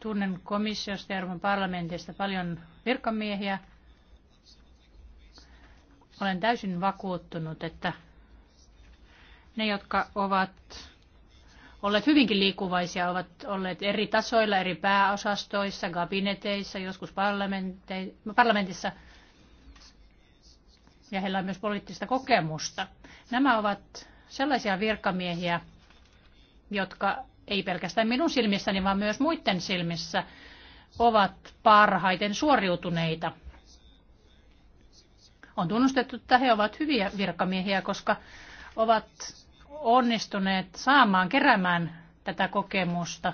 Tunnen komissiosta ja Euroopan parlamentista paljon virkamiehiä. Olen täysin vakuuttunut, että ne, jotka ovat olleet hyvinkin liikkuvaisia, ovat olleet eri tasoilla, eri pääosastoissa, kabineteissa, joskus parlamentissa. Ja heillä on myös poliittista kokemusta. Nämä ovat sellaisia virkamiehiä, jotka ei pelkästään minun silmissäni, vaan myös muiden silmissä ovat parhaiten suoriutuneita. On tunnustettu, että he ovat hyviä virkamiehiä, koska ovat onnistuneet saamaan, keräämään tätä kokemusta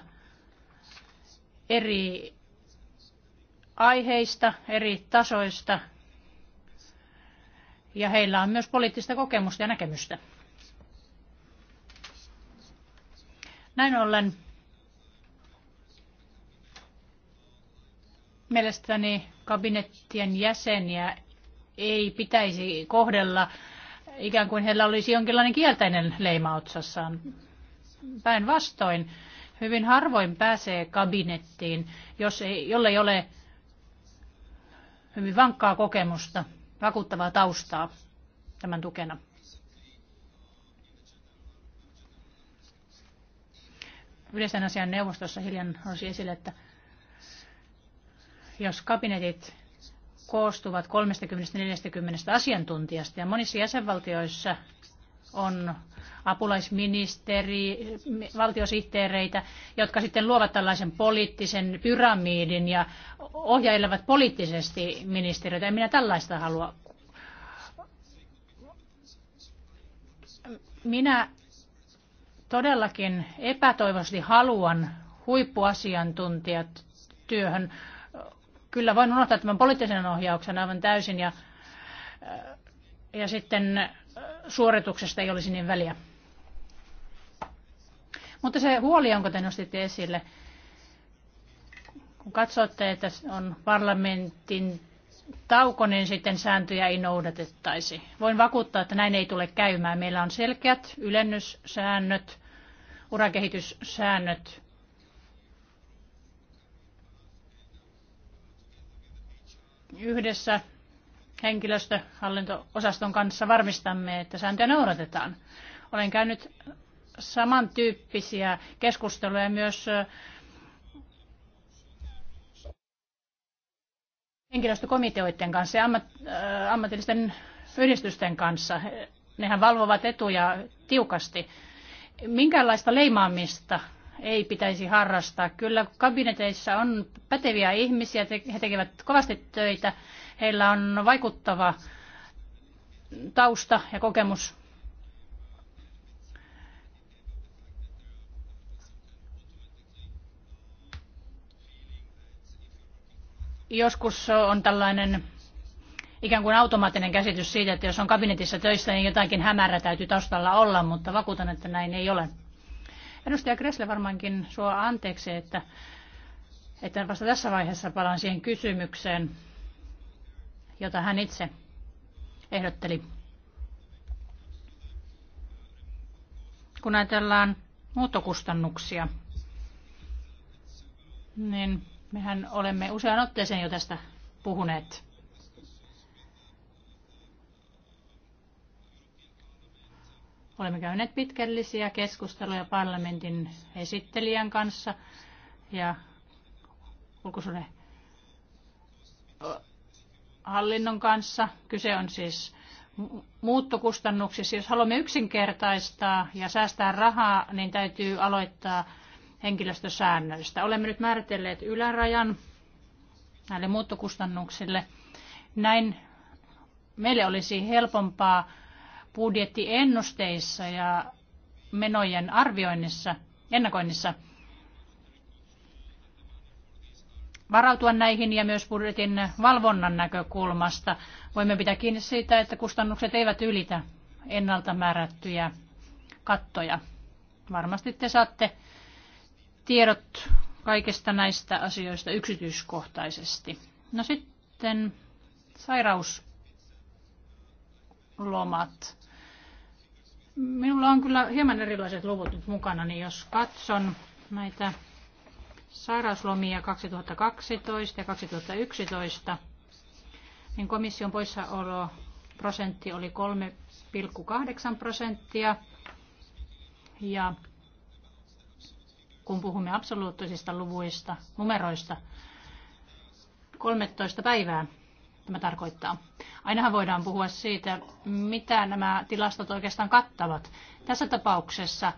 eri aiheista, eri tasoista. Ja heillä on myös poliittista kokemusta ja näkemystä. Näin ollen mielestäni kabinettien jäseniä ei pitäisi kohdella ikään kuin heillä olisi jonkinlainen kielteinen leima otsassaan. Päinvastoin, hyvin harvoin pääsee kabinettiin, jos ei, jolle ei ole hyvin vankkaa kokemusta, vakuuttavaa taustaa tämän tukena. Yleisen asian neuvostossa hiljan nousi esille, että jos kabinetit koostuvat 30-40 asiantuntijasta ja monissa jäsenvaltioissa on apulaisministeri, valtiosihteereitä, jotka sitten luovat tällaisen poliittisen pyramiidin ja ohjailevat poliittisesti ministeriöitä. En minä tällaista halua. Minä todellakin epätoivoisesti haluan huippuasiantuntijat työhön kyllä voin unohtaa tämän poliittisen ohjauksen aivan täysin ja, äh, ja sitten äh, suorituksesta ei olisi niin väliä. Mutta se huoli, jonka te nostitte esille, kun katsotte, että on parlamentin tauko, niin sitten sääntöjä ei noudatettaisi. Voin vakuuttaa, että näin ei tule käymään. Meillä on selkeät ylennyssäännöt, urakehityssäännöt yhdessä henkilöstöhallinto-osaston kanssa varmistamme, että sääntöjä noudatetaan. Olen käynyt samantyyppisiä keskusteluja myös henkilöstökomiteoiden kanssa ja ammat, äh, ammatillisten yhdistysten kanssa. Nehän valvovat etuja tiukasti. Minkälaista leimaamista ei pitäisi harrastaa. Kyllä kabineteissa on päteviä ihmisiä, he tekevät kovasti töitä, heillä on vaikuttava tausta ja kokemus. Joskus on tällainen ikään kuin automaattinen käsitys siitä, että jos on kabinetissa töissä, niin jotakin hämärä täytyy taustalla olla, mutta vakuutan, että näin ei ole. Edustaja Kresle varmaankin suo anteeksi, että, että vasta tässä vaiheessa palaan siihen kysymykseen, jota hän itse ehdotteli. Kun ajatellaan muuttokustannuksia, niin mehän olemme usean otteeseen jo tästä puhuneet. Olemme käyneet pitkällisiä keskusteluja parlamentin esittelijän kanssa ja ulkosuuden hallinnon kanssa. Kyse on siis muuttokustannuksissa. Jos haluamme yksinkertaistaa ja säästää rahaa, niin täytyy aloittaa henkilöstösäännöistä. Olemme nyt määritelleet ylärajan näille muuttokustannuksille. Näin meille olisi helpompaa budjettiennusteissa ja menojen arvioinnissa, ennakoinnissa varautua näihin ja myös budjetin valvonnan näkökulmasta. Voimme pitää kiinni siitä, että kustannukset eivät ylitä ennalta määrättyjä kattoja. Varmasti te saatte tiedot kaikista näistä asioista yksityiskohtaisesti. No sitten sairauslomat. Minulla on kyllä hieman erilaiset luvut nyt mukana, niin jos katson näitä sairauslomia 2012 ja 2011, niin komission poissaolo prosentti oli 3,8 prosenttia. Ja kun puhumme absoluuttisista luvuista, numeroista, 13 päivää tämä tarkoittaa. Ainahan voidaan puhua siitä, mitä nämä tilastot oikeastaan kattavat. Tässä tapauksessa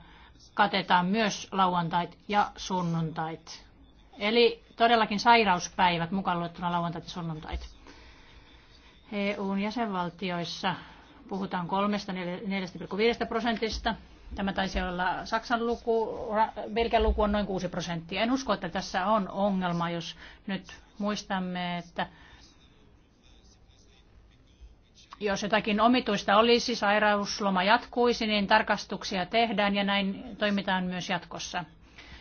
katetaan myös lauantait ja sunnuntait. Eli todellakin sairauspäivät mukaan luettuna lauantait ja sunnuntait. EUn jäsenvaltioissa puhutaan 3-4,5 prosentista. Tämä taisi olla Saksan luku, Belgian luku on noin 6 prosenttia. En usko, että tässä on ongelma, jos nyt muistamme, että jos jotakin omituista olisi, sairausloma jatkuisi, niin tarkastuksia tehdään ja näin toimitaan myös jatkossa.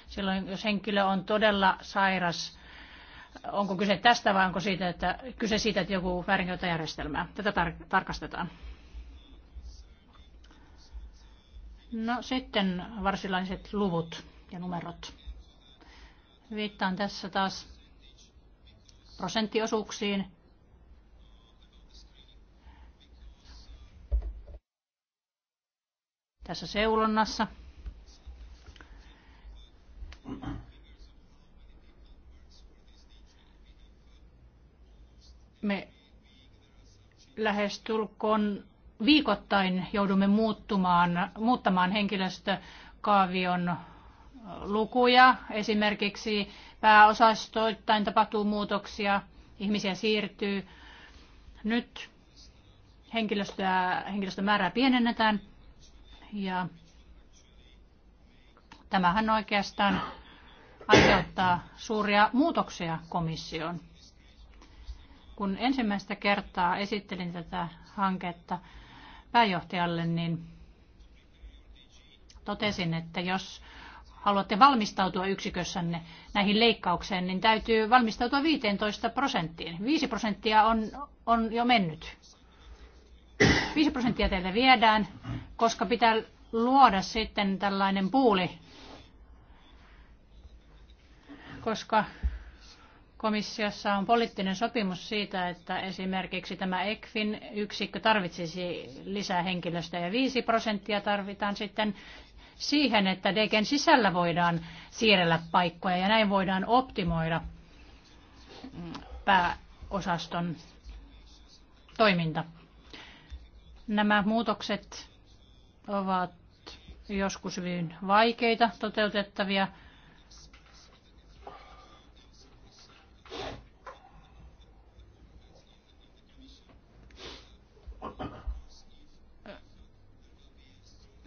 Silloin, jos henkilö on todella sairas, onko kyse tästä vai onko siitä, että, kyse siitä, että joku väärinkäyttää järjestelmää. Tätä tar- tarkastetaan. No sitten varsinaiset luvut ja numerot. Viittaan tässä taas prosenttiosuuksiin tässä seulonnassa. Me lähestulkoon viikoittain joudumme muuttumaan, muuttamaan henkilöstökaavion lukuja. Esimerkiksi pääosastoittain tapahtuu muutoksia, ihmisiä siirtyy. Nyt henkilöstöä, henkilöstömäärää pienennetään – ja tämähän oikeastaan aiheuttaa suuria muutoksia komissioon. Kun ensimmäistä kertaa esittelin tätä hanketta pääjohtajalle, niin totesin, että jos haluatte valmistautua yksikössänne näihin leikkaukseen, niin täytyy valmistautua 15 prosenttiin. 5 prosenttia on, on jo mennyt. 5 prosenttia teiltä viedään, koska pitää luoda sitten tällainen puuli, koska komissiossa on poliittinen sopimus siitä, että esimerkiksi tämä ECFin yksikkö tarvitsisi lisää henkilöstöä ja 5 prosenttia tarvitaan sitten siihen, että DGn sisällä voidaan siirrellä paikkoja ja näin voidaan optimoida pääosaston toiminta. Nämä muutokset ovat joskus hyvin vaikeita toteutettavia.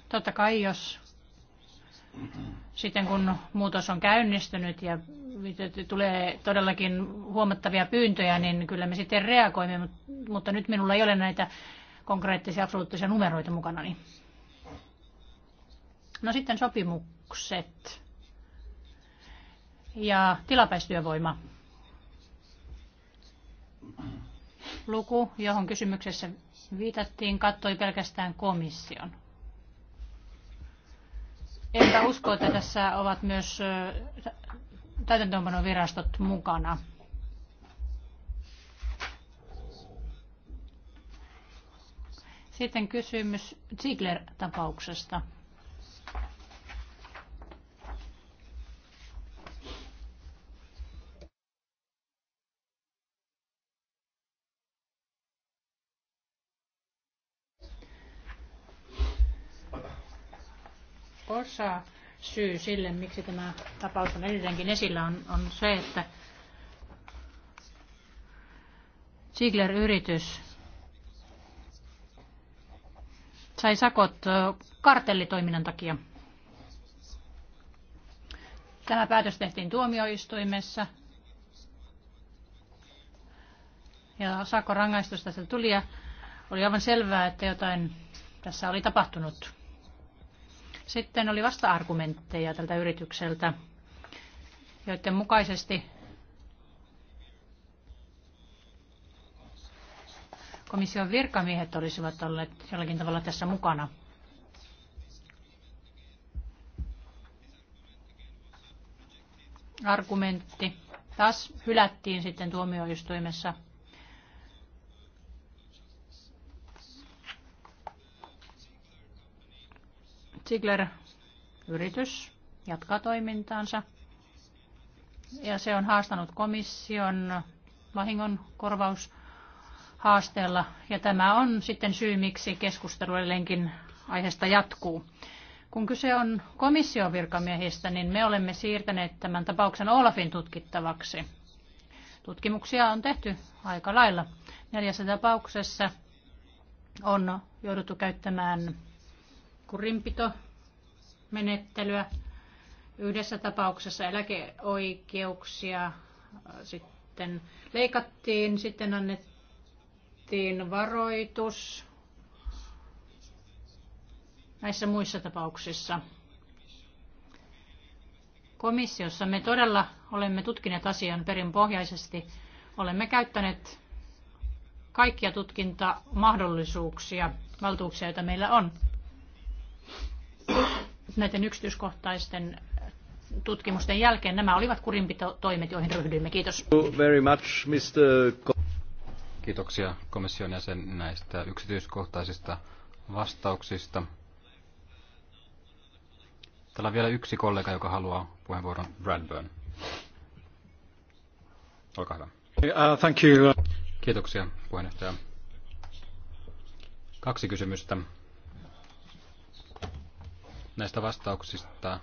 Totta kai jos sitten kun muutos on käynnistynyt ja tulee todellakin huomattavia pyyntöjä, niin kyllä me sitten reagoimme, mutta nyt minulla ei ole näitä konkreettisia absoluuttisia numeroita mukana. Niin. No sitten sopimukset ja tilapäistyövoima. Luku, johon kysymyksessä viitattiin, kattoi pelkästään komission. Enpä usko, että tässä ovat myös täytäntöönpanovirastot mukana. Sitten kysymys Ziegler-tapauksesta. Osa syy sille, miksi tämä tapaus on edelleenkin esillä, on, on se, että Ziegler-yritys sai sakot kartellitoiminnan takia. Tämä päätös tehtiin tuomioistuimessa. Ja sakko rangaistus tästä tuli ja oli aivan selvää, että jotain tässä oli tapahtunut. Sitten oli vasta-argumentteja tältä yritykseltä, joiden mukaisesti komission virkamiehet olisivat olleet jollakin tavalla tässä mukana. Argumentti taas hylättiin sitten tuomioistuimessa. Ziegler yritys jatkaa toimintaansa ja se on haastanut komission vahingon korvaus haasteella. Ja tämä on sitten syy, miksi keskustelu edelleenkin aiheesta jatkuu. Kun kyse on komission virkamiehistä, niin me olemme siirtäneet tämän tapauksen Olafin tutkittavaksi. Tutkimuksia on tehty aika lailla. Neljässä tapauksessa on jouduttu käyttämään kurinpitomenettelyä. Yhdessä tapauksessa eläkeoikeuksia sitten leikattiin, sitten annettiin annettiin varoitus näissä muissa tapauksissa. Komissiossa me todella olemme tutkineet asian perinpohjaisesti. Olemme käyttäneet kaikkia tutkintamahdollisuuksia, valtuuksia, joita meillä on näiden yksityiskohtaisten tutkimusten jälkeen nämä olivat kurinpitotoimet, joihin ryhdyimme. Kiitos. Very much, Mr. Kiitoksia komission jäsen näistä yksityiskohtaisista vastauksista. Täällä on vielä yksi kollega, joka haluaa puheenvuoron. Bradburn. Olkaa hyvä. Uh, thank you. Kiitoksia puheenjohtaja. Kaksi kysymystä näistä vastauksista,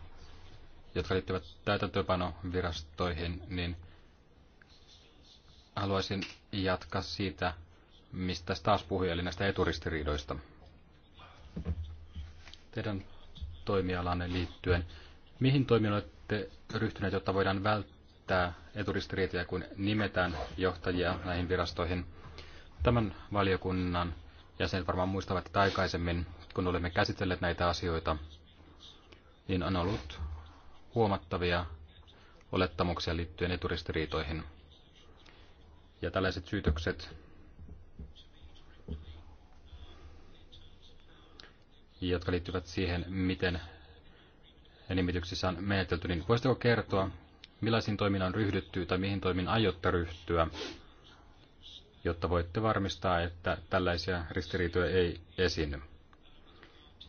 jotka liittyvät täytäntöpanovirastoihin, niin – Haluaisin jatkaa siitä, mistä taas puhui, eli näistä eturistiriidoista. Teidän toimialanne liittyen, mihin toimiin olette ryhtyneet, jotta voidaan välttää eturistiriitoja, kun nimetään johtajia näihin virastoihin? Tämän valiokunnan jäsenet varmaan muistavat, että aikaisemmin, kun olemme käsitelleet näitä asioita, niin on ollut huomattavia olettamuksia liittyen eturistiriitoihin. Ja tällaiset syytökset jotka liittyvät siihen, miten nimityksissä on menetelty, niin voisitteko kertoa, millaisiin toimiin on ryhdytty tai mihin toimiin aiotte ryhtyä, jotta voitte varmistaa, että tällaisia ristiriitoja ei esiinny.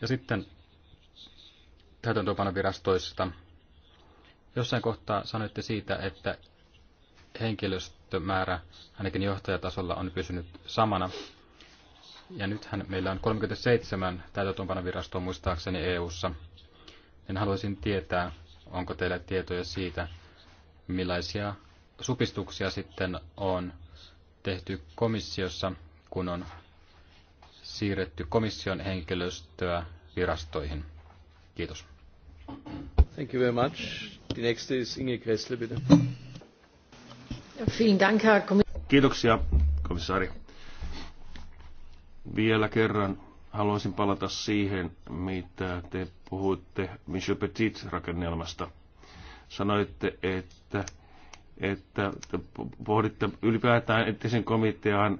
Ja sitten täytäntöönpanovirastoista. Jossain kohtaa sanoitte siitä, että henkilöstömäärä ainakin johtajatasolla on pysynyt samana. Ja nythän meillä on 37 virastoa muistaakseni EU-ssa. En haluaisin tietää, onko teillä tietoja siitä, millaisia supistuksia sitten on tehty komissiossa, kun on siirretty komission henkilöstöä virastoihin. Kiitos. Thank you very much. Die nächste ist Inge Kressle, bitte. Kiitoksia, komissaari. Vielä kerran haluaisin palata siihen, mitä te puhuitte Michel Petit-rakennelmasta. Sanoitte, että että pohditte ylipäätään eettisen komitean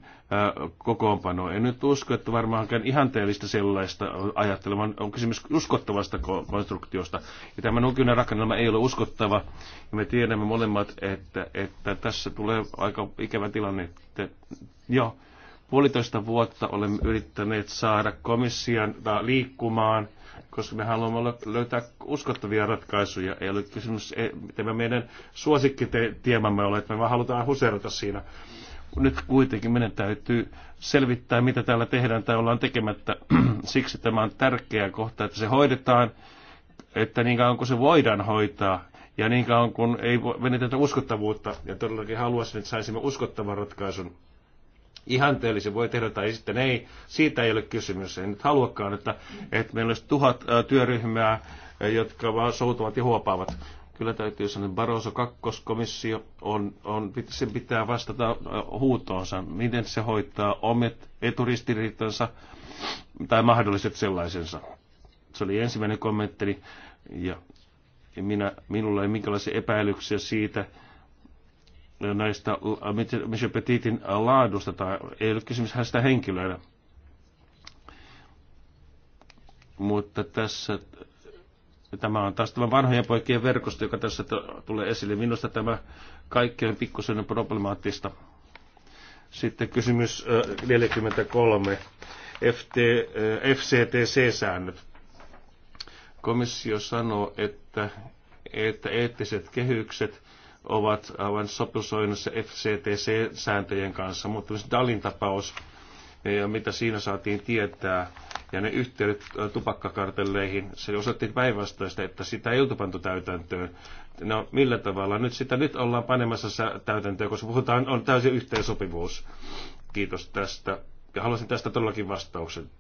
kokoonpanoa. En nyt usko, että ihan ihanteellista sellaista ajattelemaan on, on kysymys uskottavasta konstruktiosta. Ja tämä nykyinen rakennelma ei ole uskottava. Ja me tiedämme molemmat, että, että tässä tulee aika ikävä tilanne. Että jo puolitoista vuotta olemme yrittäneet saada komission liikkumaan – koska me haluamme löytää uskottavia ratkaisuja. Ei ole kysymys, mitä meidän suosikkitiemämme ole, että me halutaan huserata siinä. Nyt kuitenkin meidän täytyy selvittää, mitä täällä tehdään tai ollaan tekemättä. [CLEARS THROAT] Siksi tämä on tärkeä kohta, että se hoidetaan, että niin kauan kuin se voidaan hoitaa, ja niin kauan kuin ei menetetä uskottavuutta, ja todellakin haluaisin, että saisimme uskottavan ratkaisun ihanteellisen voi tehdä tai sitten ei. Siitä ei ole kysymys. En nyt haluakaan, että, että meillä olisi tuhat työryhmää, jotka vaan soutuvat ja huopaavat. Kyllä täytyy sanoa, että Barroso kakkoskomissio on, on, sen pitää vastata huutoonsa, miten se hoitaa omat eturistiriitansa tai mahdolliset sellaisensa. Se oli ensimmäinen kommentti ja minä, minulla ei minkälaisia epäilyksiä siitä, näistä Michel Petitin laadusta, tai ei ole kysymys hänestä henkilöä. Mutta tässä tämä on taas tämä vanhojen poikien verkosto, joka tässä tulee esille. Minusta tämä kaikki on pikkusen problemaattista. Sitten kysymys 43. FT, FCTC-säännöt. Komissio sanoo, että, että eettiset kehykset ovat aivan sopusoinnussa FCTC-sääntöjen kanssa, mutta myös Dalin tapaus ja mitä siinä saatiin tietää ja ne yhteydet äh, tupakkakartelleihin, se osoitti päinvastoista, että sitä ei oltu pantu täytäntöön. No millä tavalla? Nyt sitä nyt ollaan panemassa täytäntöön, koska puhutaan, on täysin yhteensopivuus. Kiitos tästä. Ja haluaisin tästä todellakin vastauksen.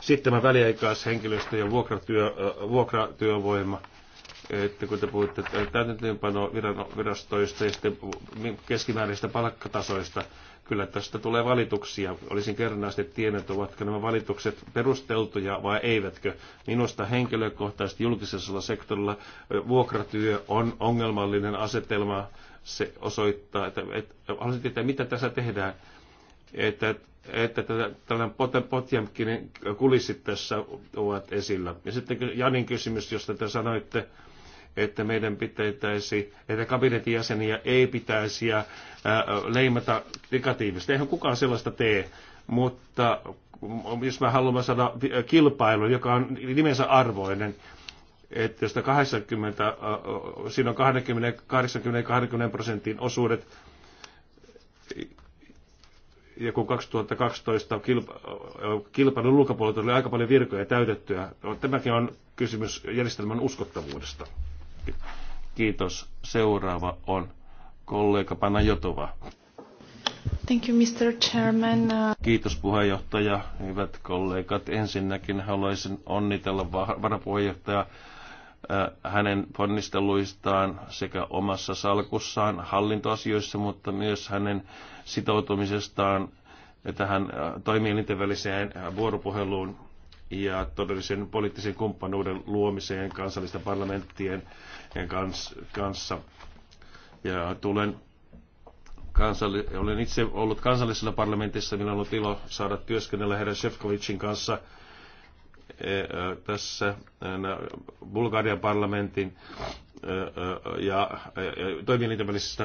Sitten tämä väliaikaishenkilöstö ja vuokratyö, äh, vuokratyövoima että kun te puhutte täytäntöönpanovirastoista ja sitten keskimääräisistä palkkatasoista, kyllä tästä tulee valituksia. Olisin kerran asti tiennyt, ovatko nämä valitukset perusteltuja vai eivätkö. Minusta henkilökohtaisesti julkisella sektorilla vuokratyö on ongelmallinen asetelma. Se osoittaa, että, että haluaisin tietää, mitä tässä tehdään. Että, että tällainen potjamkinen kulissit tässä ovat esillä. Ja sitten Janin kysymys, josta te sanoitte, että meidän pitäisi, että kabinetin jäseniä ei pitäisi äh, leimata negatiivisesti. Eihän kukaan sellaista tee, mutta jos mä haluan saada kilpailun, joka on nimensä arvoinen, että jos 80, äh, äh, siinä on 20-80 prosentin osuudet, ja kun 2012 kilpailun ulkopuolelta oli aika paljon virkoja täytettyä, no, tämäkin on kysymys järjestelmän uskottavuudesta kovasti. Kiitos. Seuraava on kollega Panajotova. Thank you, Mr. Chairman. Kiitos puheenjohtaja, hyvät kollegat. Ensinnäkin haluaisin onnitella varapuheenjohtaja äh, hänen ponnisteluistaan sekä omassa salkussaan hallintoasioissa, mutta myös hänen sitoutumisestaan tähän äh, toimielinten väliseen vuoropuheluun ja todellisen poliittisen kumppanuuden luomiseen kansallisten parlamenttien kanssa. Ja tulen kansalli- olen itse ollut kansallisella parlamentissa, minulla niin on ollut ilo saada työskennellä herra Shevkovicin kanssa e, e, tässä e, Bulgarian parlamentin ja toimin välisissä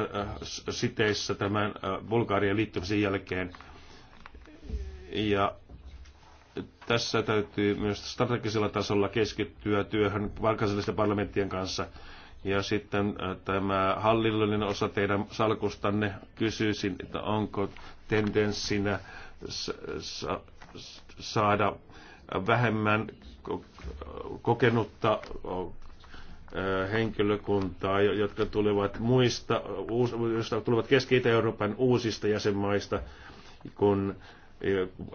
siteissä tämän Bulgarian liittymisen jälkeen. Ja tässä täytyy myös strategisella tasolla keskittyä työhön valkaisellisten parlamenttien kanssa. Ja sitten äh, tämä hallinnollinen osa teidän salkustanne kysyisin, että onko tendenssinä saada vähemmän kokenutta äh, henkilökuntaa, jotka tulevat muista, joista tulevat Keski-Itä-Euroopan uusista jäsenmaista, kun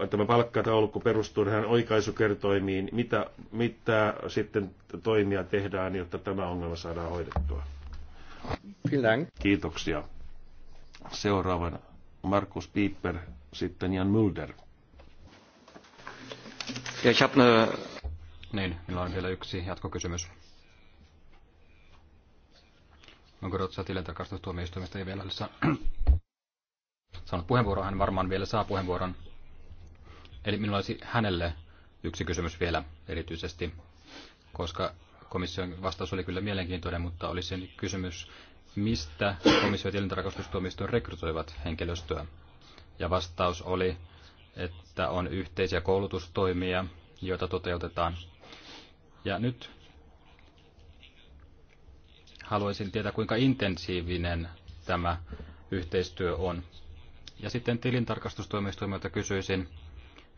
tämä palkkataulukko perustuu tähän oikaisukertoimiin. Mitä, mitä sitten toimia tehdään, jotta tämä ongelma saadaan hoidettua? Kiitoksia. Seuraavana Markus Pieper, sitten Jan Mulder. Ja ich Niin, minulla on vielä yksi jatkokysymys. Onko Rotsa tilintarkastustuomioistuimesta ei vielä [CLEARS THROAT] saanut puheenvuoroa? Hän varmaan vielä saa puheenvuoron. Eli minulla olisi hänelle yksi kysymys vielä erityisesti, koska komission vastaus oli kyllä mielenkiintoinen, mutta oli sen kysymys, mistä komissio ja tilintarkastustuomioistuin rekrytoivat henkilöstöä. Ja vastaus oli, että on yhteisiä koulutustoimia, joita toteutetaan. Ja nyt haluaisin tietää, kuinka intensiivinen tämä yhteistyö on. Ja sitten tilintarkastustoimistoimilta kysyisin,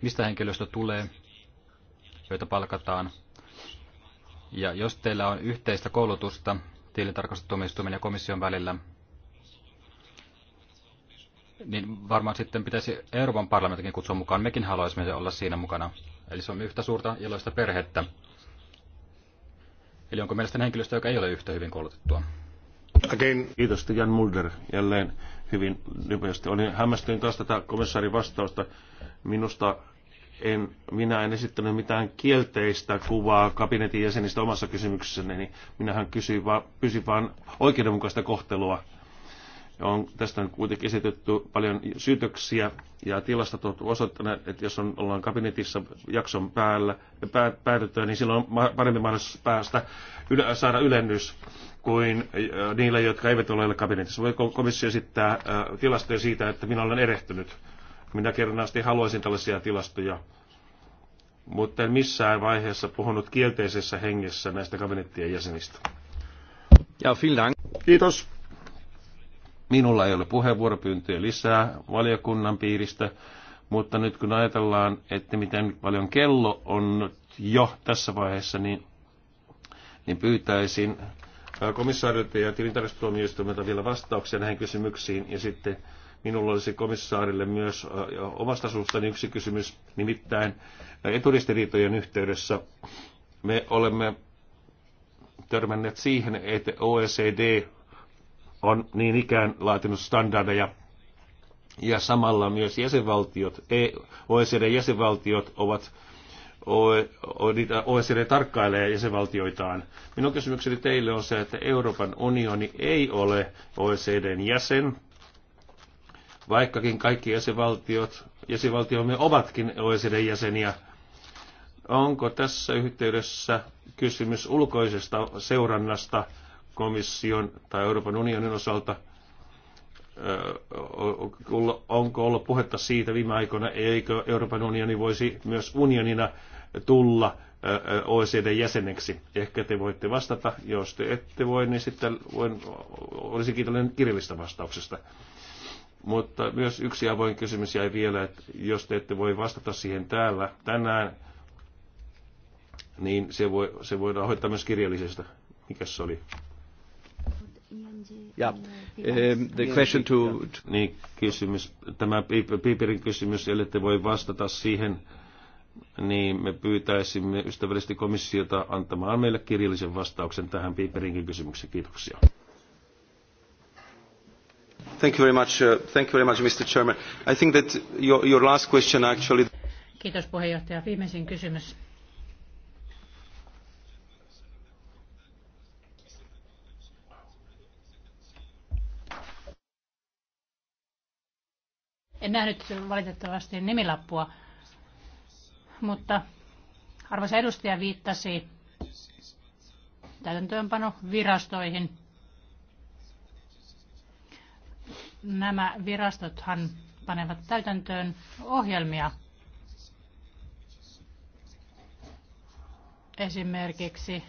mistä henkilöstö tulee, joita palkataan. Ja jos teillä on yhteistä koulutusta tilintarkastustuomioistuimen ja komission välillä, niin varmaan sitten pitäisi Euroopan parlamentin kutsua mukaan. Mekin haluaisimme olla siinä mukana. Eli se on yhtä suurta iloista perhettä. Eli onko mielestäni henkilöstö, joka ei ole yhtä hyvin koulutettua? Again. Kiitos Jan Mulder jälleen hyvin nopeasti. Olin hämmästynyt taas tätä komissaarin vastausta. Minusta en, minä en esittänyt mitään kielteistä kuvaa kabinetin jäsenistä omassa kysymyksessäni, niin minähän kysyin vaan, pysyin vaan oikeudenmukaista kohtelua. On, tästä on kuitenkin esitetty paljon syytöksiä ja tilasta on osoittaneet, että jos on, ollaan kabinetissa jakson päällä ja pää, päätetään, niin silloin on parempi mahdollisuus päästä yle, saada ylennys kuin äh, niillä, jotka eivät ole kabinetissa. Voi komissio esittää äh, tilastoja siitä, että minä olen erehtynyt? Minä kerran asti haluaisin tällaisia tilastoja, mutta en missään vaiheessa puhunut kielteisessä hengessä näistä kabinettien jäsenistä. Ja Finland. Kiitos. Minulla ei ole puheenvuoropyyntöjä lisää valiokunnan piiristä, mutta nyt kun ajatellaan, että miten paljon kello on jo tässä vaiheessa, niin, niin pyytäisin komissaarilta ja tilintarkastustuomioistuimelta vielä vastauksia näihin kysymyksiin ja sitten Minulla olisi komissaarille myös omasta suustani yksi kysymys, nimittäin eturistiriitojen yhteydessä me olemme törmänneet siihen, että OECD on niin ikään laatinut standardeja ja samalla myös jäsenvaltiot, e, OECD-jäsenvaltiot ovat OECD tarkkailee jäsenvaltioitaan. Minun kysymykseni teille on se, että Euroopan unioni ei ole OECDn jäsen, vaikkakin kaikki jäsenvaltiot, jäsenvaltiomme ovatkin OECD-jäseniä. Onko tässä yhteydessä kysymys ulkoisesta seurannasta komission tai Euroopan unionin osalta? Onko ollut puhetta siitä viime aikoina, eikö Euroopan unioni voisi myös unionina tulla OECD-jäseneksi? Ehkä te voitte vastata. Jos te ette voi, niin sitten voin, olisin kiitollinen kirjallista vastauksesta. Mutta myös yksi avoin kysymys jäi vielä, että jos te ette voi vastata siihen täällä tänään, niin se, voi, se voidaan hoitaa myös kirjallisesta. Mikä se oli? Ja, eh, the question to... Niin, kysymys, tämä Piiperin kysymys, eli te voi vastata siihen, niin me pyytäisimme ystävällisesti komissiota antamaan meille kirjallisen vastauksen tähän Piperinkin kysymykseen. Kiitoksia. Thank you very much, uh, thank you very much Mr. Chairman. I think that your, your last question actually... Kiitos puheenjohtaja. Viimeisin kysymys. En nähnyt valitettavasti nimilappua, mutta arvoisa edustaja viittasi täytäntöönpano virastoihin. Nämä virastothan panevat täytäntöön ohjelmia. Esimerkiksi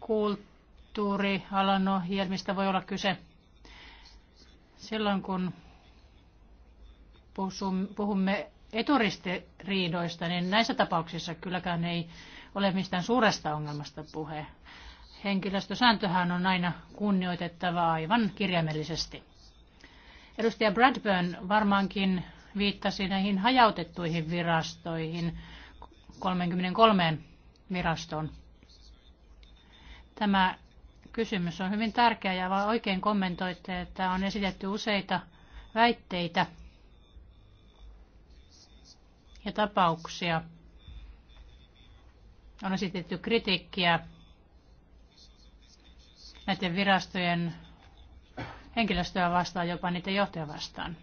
kulttuurialan ohjelmista voi olla kyse silloin, kun puhumme eturistiriidoista, niin näissä tapauksissa kylläkään ei ole mistään suuresta ongelmasta puhe. Henkilöstösääntöhän on aina kunnioitettava aivan kirjaimellisesti. Edustaja Bradburn varmaankin viittasi näihin hajautettuihin virastoihin, 33 virastoon. Tämä kysymys on hyvin tärkeä ja vaan oikein kommentoitte, että on esitetty useita väitteitä ja tapauksia. On esitetty kritiikkiä näiden virastojen henkilöstöä vastaan, jopa niiden johtoja vastaan.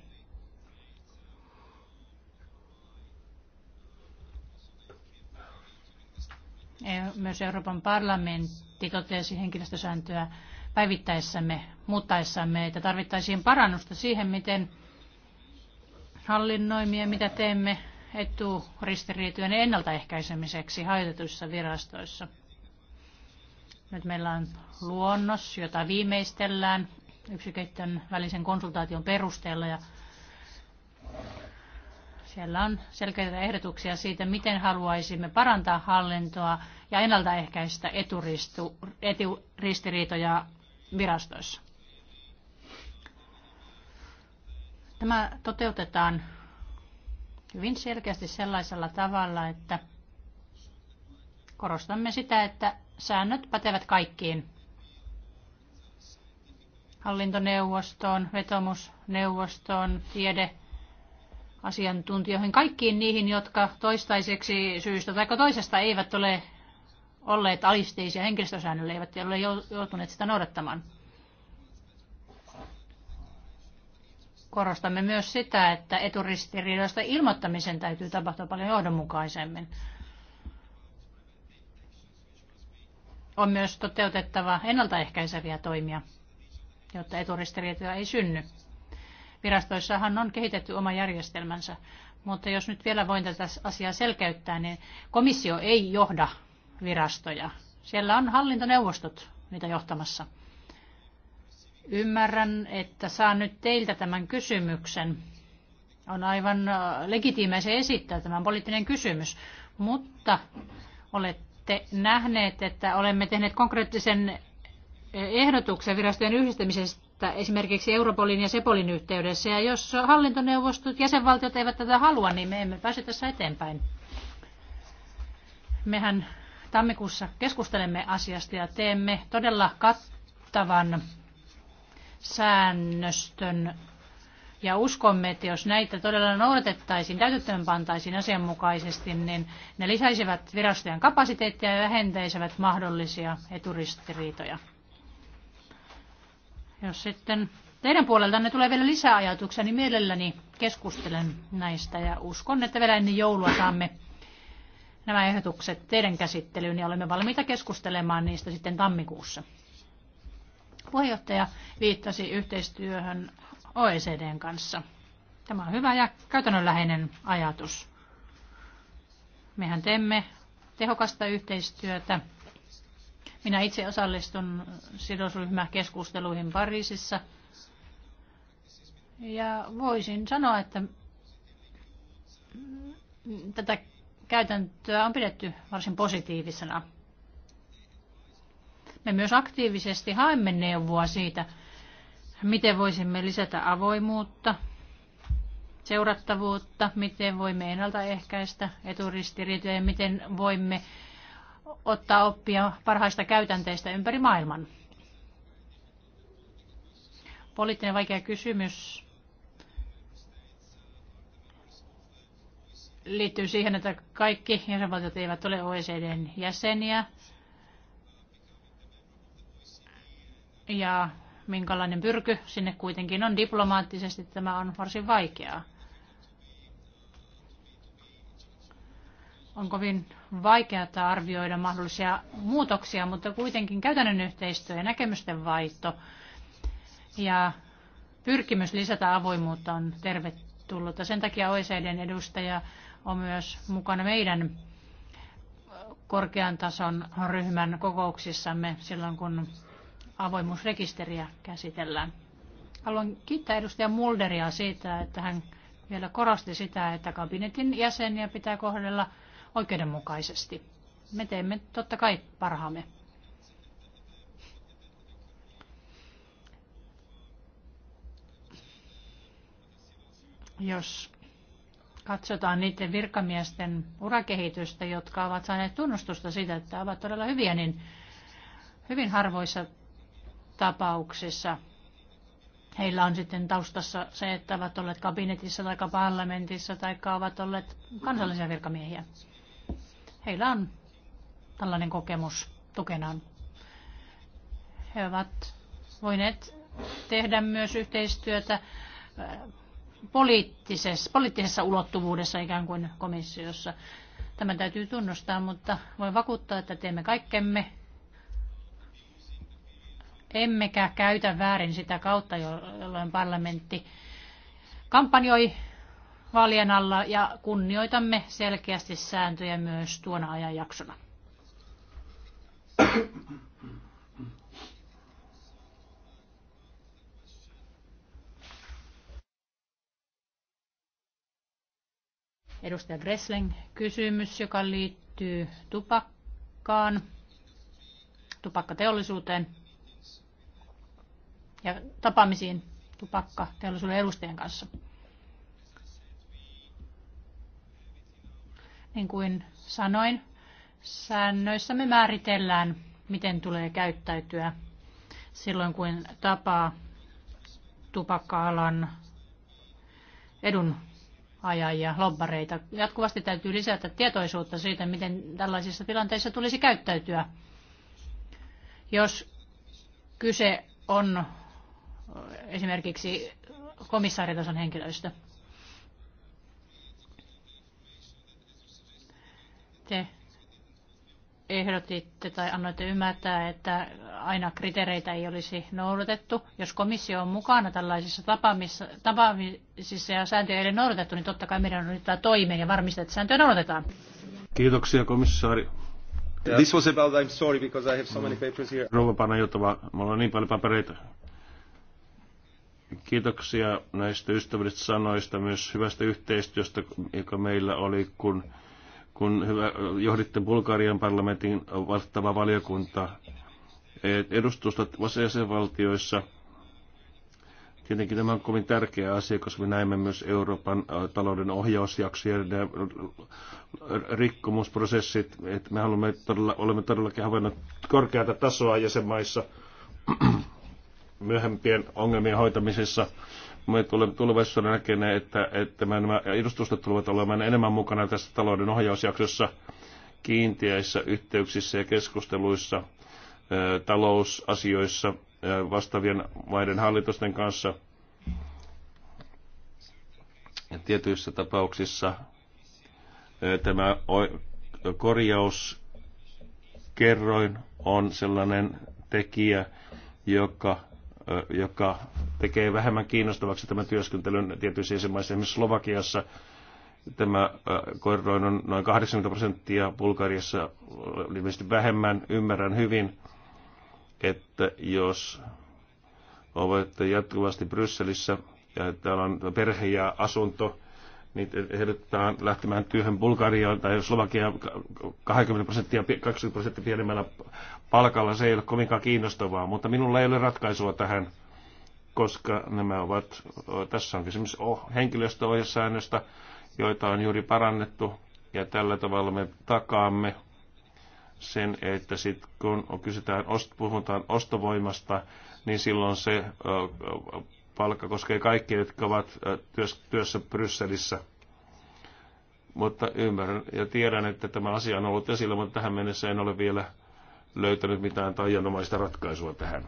E, myös Euroopan parlamentti totesi henkilöstösääntöä päivittäessämme, muuttaessamme, että tarvittaisiin parannusta siihen, miten hallinnoimme mitä teemme eturistiriitojen ennaltaehkäisemiseksi hajotetuissa virastoissa. Nyt meillä on luonnos, jota viimeistellään yksiköiden välisen konsultaation perusteella ja siellä on selkeitä ehdotuksia siitä, miten haluaisimme parantaa hallintoa ja ennaltaehkäistä eturistiriitoja virastoissa. Tämä toteutetaan hyvin selkeästi sellaisella tavalla, että – Korostamme sitä, että säännöt pätevät kaikkiin. Hallintoneuvostoon, vetomusneuvostoon, tiede, asiantuntijoihin, kaikkiin niihin, jotka toistaiseksi syystä tai toisesta eivät ole olleet alisteisia henkilöstösäännölle, eivät ole joutuneet sitä noudattamaan. Korostamme myös sitä, että eturistiriidoista ilmoittamisen täytyy tapahtua paljon johdonmukaisemmin. On myös toteutettava ennaltaehkäiseviä toimia, jotta eturistiriitoja ei synny. Virastoissahan on kehitetty oma järjestelmänsä, mutta jos nyt vielä voin tätä asiaa selkeyttää, niin komissio ei johda virastoja. Siellä on hallintoneuvostot niitä johtamassa. Ymmärrän, että saan nyt teiltä tämän kysymyksen. On aivan legitiimeisen se esittää tämän poliittinen kysymys, mutta olette olette nähneet, että olemme tehneet konkreettisen eh, ehdotuksen virastojen yhdistämisestä esimerkiksi Europolin ja Sepolin yhteydessä. Ja jos hallintoneuvostot, jäsenvaltiot eivät tätä halua, niin me emme pääse tässä eteenpäin. Mehän tammikuussa keskustelemme asiasta ja teemme todella kattavan säännöstön ja uskomme, että jos näitä todella noudatettaisiin, täytettöön pantaisiin asianmukaisesti, niin ne lisäisivät virastojen kapasiteettia ja vähentäisivät mahdollisia eturistiriitoja. Jos sitten teidän puoleltanne tulee vielä lisää ajatuksia, niin mielelläni keskustelen näistä ja uskon, että vielä ennen joulua saamme nämä ehdotukset teidän käsittelyyn ja olemme valmiita keskustelemaan niistä sitten tammikuussa. Puheenjohtaja viittasi yhteistyöhön OECDn kanssa. Tämä on hyvä ja käytännönläheinen ajatus. Mehän teemme tehokasta yhteistyötä. Minä itse osallistun sidosryhmäkeskusteluihin Pariisissa. Ja voisin sanoa, että tätä käytäntöä on pidetty varsin positiivisena. Me myös aktiivisesti haemme neuvoa siitä, miten voisimme lisätä avoimuutta, seurattavuutta, miten voimme ennaltaehkäistä eturistiriitoja ja miten voimme ottaa oppia parhaista käytänteistä ympäri maailman. Poliittinen vaikea kysymys liittyy siihen, että kaikki jäsenvaltiot eivät ole OECDn jäseniä. Ja minkälainen pyrky sinne kuitenkin on diplomaattisesti, tämä on varsin vaikeaa. On kovin vaikeaa arvioida mahdollisia muutoksia, mutta kuitenkin käytännön yhteistyö ja näkemysten vaihto ja pyrkimys lisätä avoimuutta on tervetullut. Sen takia OECDn edustaja on myös mukana meidän korkean tason ryhmän kokouksissamme silloin, kun avoimuusrekisteriä käsitellään. Haluan kiittää edustaja Mulderia siitä, että hän vielä korosti sitä, että kabinetin jäseniä pitää kohdella oikeudenmukaisesti. Me teemme totta kai parhaamme. Jos katsotaan niiden virkamiesten urakehitystä, jotka ovat saaneet tunnustusta siitä, että ovat todella hyviä, niin hyvin harvoissa tapauksessa. heillä on sitten taustassa se, että ovat olleet kabinetissa tai parlamentissa tai ovat olleet kansallisia virkamiehiä. Heillä on tällainen kokemus tukenaan. He ovat voineet tehdä myös yhteistyötä äh, poliittisessa, poliittisessa ulottuvuudessa ikään kuin komissiossa. Tämä täytyy tunnustaa, mutta voin vakuuttaa, että teemme kaikkemme emmekä käytä väärin sitä kautta, jolloin parlamentti kampanjoi vaalien alla ja kunnioitamme selkeästi sääntöjä myös tuona ajanjaksona. Edustaja Gressling, kysymys, joka liittyy tupakkaan, tupakkateollisuuteen ja tapaamisiin teollisuuden edustajien kanssa. Niin kuin sanoin, säännöissä me määritellään, miten tulee käyttäytyä silloin, kun tapaa tupakka-alan edun ajajia, lobbareita. Jatkuvasti täytyy lisätä tietoisuutta siitä, miten tällaisissa tilanteissa tulisi käyttäytyä. Jos kyse on esimerkiksi komissaaritason henkilöistä. Te ehdotitte tai annoitte ymmärtää, että aina kriteereitä ei olisi noudatettu. Jos komissio on mukana tällaisissa tapaamisissa, tapaamisissa ja sääntöjä ei ole noudatettu, niin totta kai meidän on ryhtyä toimeen ja varmistaa, että sääntöjä noudatetaan. Kiitoksia komissaari. Yeah. This was about, I'm sorry, because I have so many papers here. Rouva Panajotova, minulla on niin paljon papereita. Kiitoksia näistä ystävällisistä sanoista, myös hyvästä yhteistyöstä, joka meillä oli, kun, kun hyvä, johditte Bulgarian parlamentin vastaava valiokunta edustusta jäsenvaltioissa. Tietenkin tämä on kovin tärkeä asia, koska me näemme myös Euroopan talouden ohjausjaksojen ja rikkomusprosessit. Että me haluamme todella, olemme todellakin havainneet korkeata tasoa jäsenmaissa myöhempien ongelmien hoitamisessa. Me tulemme tulevaisuudessa näkemään, että, että nämä edustustot tulevat olemaan enemmän mukana tässä talouden ohjausjaksossa kiinteissä yhteyksissä ja keskusteluissa talousasioissa vastaavien maiden hallitusten kanssa. Ja tietyissä tapauksissa tämä korjauskerroin on sellainen tekijä, joka joka tekee vähemmän kiinnostavaksi tämän työskentelyn tietyissä jäsenmaissa. Esimerkiksi Slovakiassa tämä korroin on noin 80 prosenttia, Bulgariassa ilmeisesti vähemmän. Ymmärrän hyvin, että jos olette jatkuvasti Brysselissä ja täällä on perhe ja asunto, niitä ehdottaa lähtemään työhön Bulgariaan tai Slovakiaan 20 prosenttia, 20 prosenttia pienemmällä palkalla. Se ei ole kovinkaan kiinnostavaa, mutta minulla ei ole ratkaisua tähän, koska nämä ovat, tässä on kysymys oh, henkilöstöohjesäännöstä, joita on juuri parannettu, ja tällä tavalla me takaamme sen, että sitten kun kysytään, puhutaan ostovoimasta, niin silloin se palkka koskee kaikkia, jotka ovat työssä Brysselissä. Mutta ymmärrän ja tiedän, että tämä asia on ollut esillä, mutta tähän mennessä en ole vielä löytänyt mitään tajanomaista ratkaisua tähän.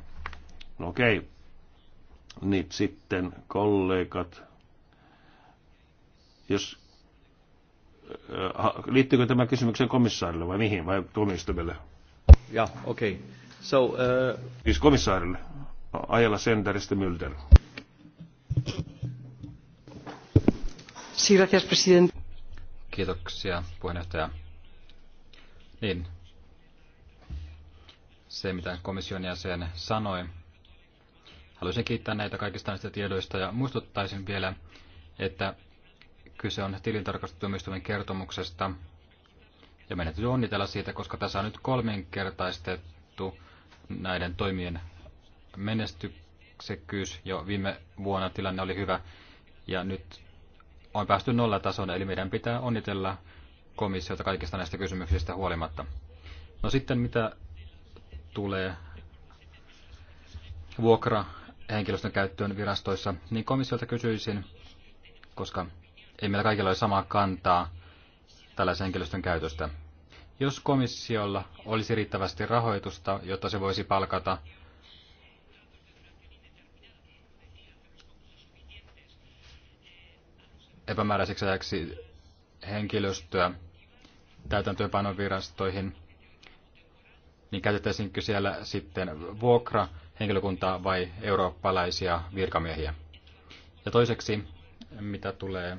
No okei. Okay. Nyt sitten kollegat. Jos, liittyykö tämä kysymykseen komissaarille vai mihin, vai tuomioistuimelle? Joo, okei. Okay. So, uh... Siis komissaarille. Ajella Senderistä Mylder. Kiitoksia puheenjohtaja. Niin, se mitä komission jäsen sanoi. Haluaisin kiittää näitä kaikista näistä tiedoista ja muistuttaisin vielä, että kyse on tilintarkastustuomioistuimen kertomuksesta. Ja meidän täytyy onnitella siitä, koska tässä on nyt kolminkertaistettu näiden toimien menesty, menestyksekkyys. Jo viime vuonna tilanne oli hyvä ja nyt on päästy nollatasoon, eli meidän pitää onnitella komissiota kaikista näistä kysymyksistä huolimatta. No sitten mitä tulee vuokra henkilöstön käyttöön virastoissa, niin komissiolta kysyisin, koska ei meillä kaikilla ole samaa kantaa tällaisen henkilöstön käytöstä. Jos komissiolla olisi riittävästi rahoitusta, jotta se voisi palkata epämääräiseksi ajaksi henkilöstöä täytäntöönpanovirastoihin, niin käytettäisiinkö siellä sitten vuokra henkilökuntaa vai eurooppalaisia virkamiehiä? Ja toiseksi, mitä tulee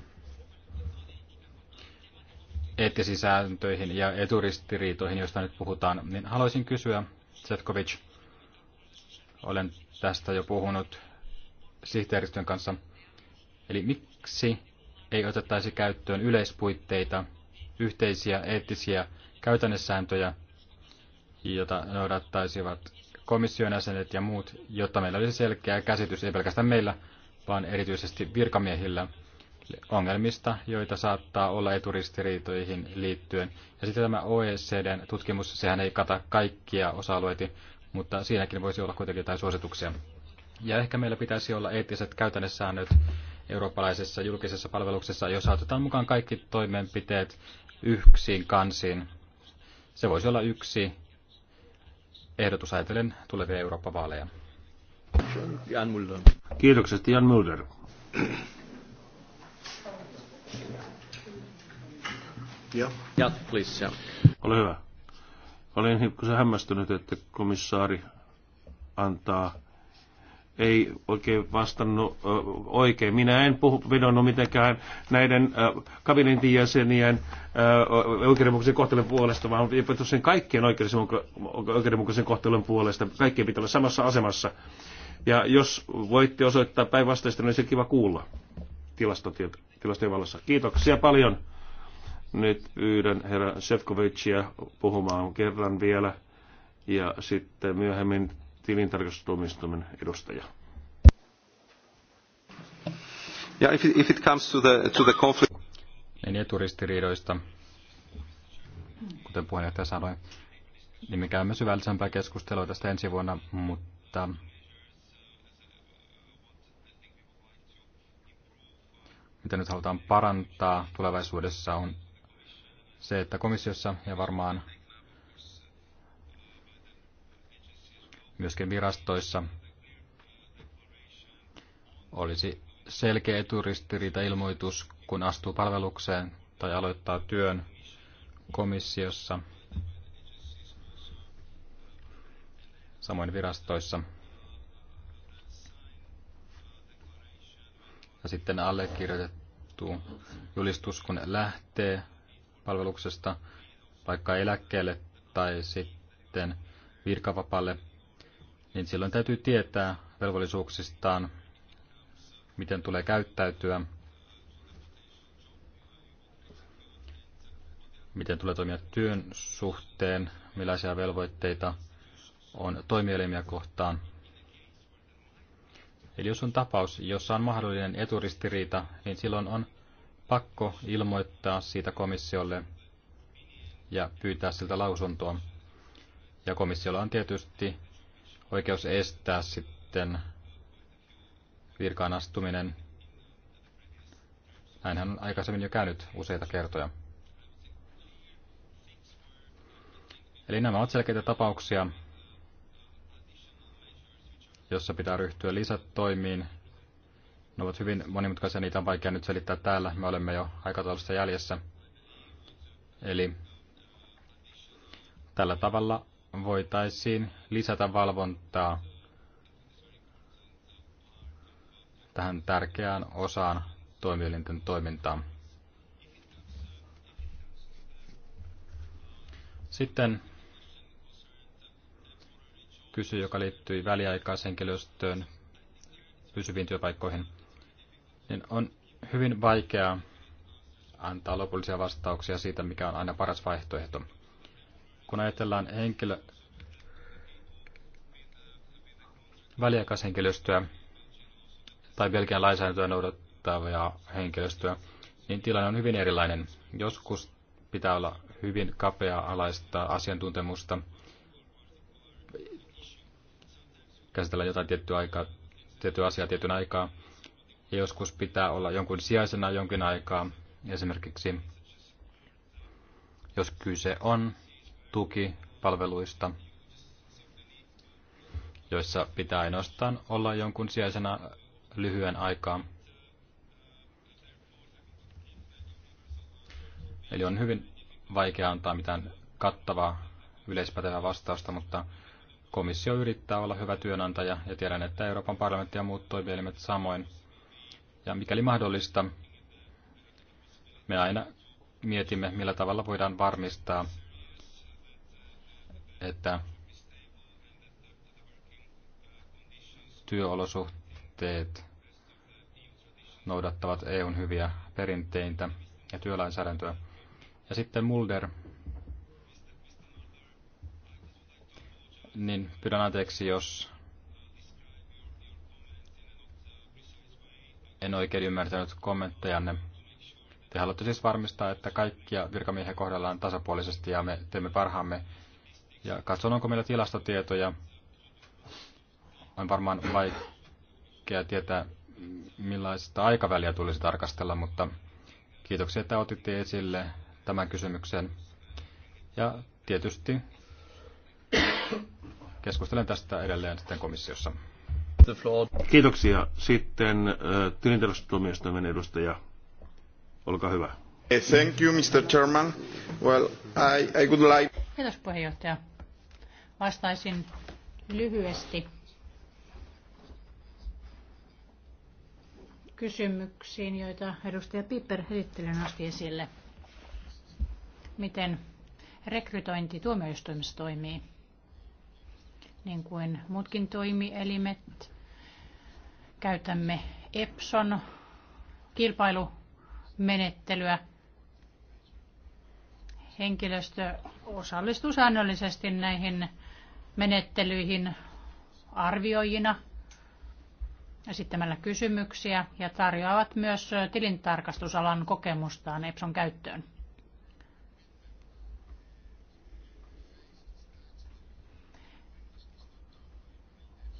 eettisiin sääntöihin ja eturistiriitoihin, joista nyt puhutaan, niin haluaisin kysyä, Zetkovic, olen tästä jo puhunut sihteeristön kanssa, eli miksi ei otettaisi käyttöön yleispuitteita, yhteisiä eettisiä käytännesääntöjä, joita noudattaisivat komission jäsenet ja muut, jotta meillä olisi selkeä käsitys, ei pelkästään meillä, vaan erityisesti virkamiehillä ongelmista, joita saattaa olla eturistiriitoihin liittyen. Ja sitten tämä OECDn tutkimus, sehän ei kata kaikkia osa-alueita, mutta siinäkin voisi olla kuitenkin jotain suosituksia. Ja ehkä meillä pitäisi olla eettiset käytännössäännöt eurooppalaisessa julkisessa palveluksessa, jos otetaan mukaan kaikki toimenpiteet yksin kansiin. Se voisi olla yksi ehdotus ajatellen tulevia Eurooppa-vaaleja. Jan Mulder. Kiitokset, Jan Mulder. Ja, please, ja. Ole hyvä. Olin hiukkasen hämmästynyt, että komissaari antaa ei oikein vastannut oikein. Minä en puhu, vedonnut mitenkään näiden kabinetin jäsenien oikeudenmukaisen kohtelun puolesta, vaan sen kaikkien oikeudenmukaisen kohtelun puolesta. Kaikkien pitää olla samassa asemassa. Ja jos voitte osoittaa päinvastaista, niin se kiva kuulla tilastojen valossa. Kiitoksia paljon. Nyt pyydän herra Sefkovicia puhumaan kerran vielä ja sitten myöhemmin tilintarkastustuomioistuimen edustaja. Yeah, if it, if it comes to the, to the conflict... Niin eturistiriidoista, kuten puheenjohtaja sanoi, niin me käymme syvällisempää keskustelua tästä ensi vuonna, mutta mitä nyt halutaan parantaa tulevaisuudessa on se, että komissiossa ja varmaan myöskin virastoissa olisi selkeä eturistiriita-ilmoitus, kun astuu palvelukseen tai aloittaa työn komissiossa, samoin virastoissa. Ja sitten allekirjoitettu julistus, kun lähtee palveluksesta vaikka eläkkeelle tai sitten virkavapalle niin silloin täytyy tietää velvollisuuksistaan, miten tulee käyttäytyä, miten tulee toimia työn suhteen, millaisia velvoitteita on toimielimiä kohtaan. Eli jos on tapaus, jossa on mahdollinen eturistiriita, niin silloin on pakko ilmoittaa siitä komissiolle ja pyytää siltä lausuntoa. Ja komissiolla on tietysti oikeus estää sitten virkaan astuminen. Näinhän on aikaisemmin jo käynyt useita kertoja. Eli nämä ovat selkeitä tapauksia, jossa pitää ryhtyä lisätoimiin. Ne ovat hyvin monimutkaisia, niitä on vaikea nyt selittää täällä. Me olemme jo aikataulusta jäljessä. Eli tällä tavalla voitaisiin lisätä valvontaa tähän tärkeään osaan toimielinten toimintaa. Sitten kysy, joka liittyi väliaikaishenkilöstöön pysyviin työpaikkoihin, niin on hyvin vaikeaa antaa lopullisia vastauksia siitä, mikä on aina paras vaihtoehto kun ajatellaan henkilö, väliaikaishenkilöstöä tai Belgian lainsäädäntöä noudattavaa henkilöstöä, niin tilanne on hyvin erilainen. Joskus pitää olla hyvin kapea-alaista asiantuntemusta, käsitellä jotain tiettyä, aikaa, tiettyä asiaa tietyn aikaa, ja joskus pitää olla jonkun sijaisena jonkin aikaa, esimerkiksi jos kyse on tukipalveluista, joissa pitää ainoastaan olla jonkun sijaisena lyhyen aikaa. Eli on hyvin vaikea antaa mitään kattavaa yleispätevää vastausta, mutta komissio yrittää olla hyvä työnantaja ja tiedän, että Euroopan parlamentti ja muut toimielimet samoin. Ja mikäli mahdollista, me aina mietimme, millä tavalla voidaan varmistaa, että työolosuhteet noudattavat EUn hyviä perinteitä ja työlainsäädäntöä. Ja sitten Mulder, niin pyydän anteeksi, jos en oikein ymmärtänyt kommenttejanne. Te haluatte siis varmistaa, että kaikkia virkamiehiä kohdellaan tasapuolisesti ja me teemme parhaamme, ja katson, onko meillä tilastotietoja. On varmaan vaikea tietää, millaista aikaväliä tulisi tarkastella, mutta kiitoksia, että otitte esille tämän kysymyksen. Ja tietysti keskustelen tästä edelleen sitten komissiossa. Kiitoksia. Sitten äh, tilintarkastustuomioistuimen edustaja, olkaa hyvä. Thank you, Mr. Chairman. Well, I, I would like... Kiitos puheenjohtaja. Vastaisin lyhyesti kysymyksiin, joita edustaja Piper esitteli nosti esille. Miten rekrytointi tuomioistuimessa toimii, niin kuin muutkin toimielimet. Käytämme Epson kilpailumenettelyä. Henkilöstö osallistuu säännöllisesti näihin menettelyihin arvioijina esittämällä kysymyksiä ja tarjoavat myös tilintarkastusalan kokemustaan Epson käyttöön.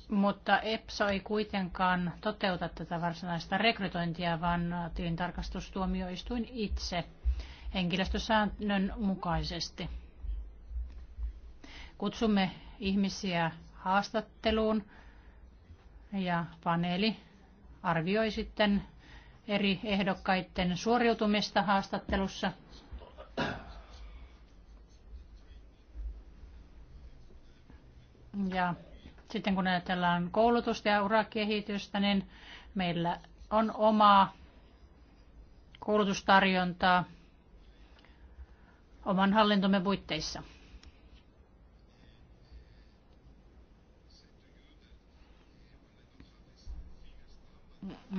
Mutta EPSO ei kuitenkaan toteuta tätä varsinaista rekrytointia, vaan tilintarkastustuomioistuin itse henkilöstösäännön mukaisesti. Kutsumme ihmisiä haastatteluun ja paneeli arvioi sitten eri ehdokkaiden suoriutumista haastattelussa. Ja sitten kun ajatellaan koulutusta ja urakehitystä, niin meillä on omaa koulutustarjontaa oman hallintomme puitteissa.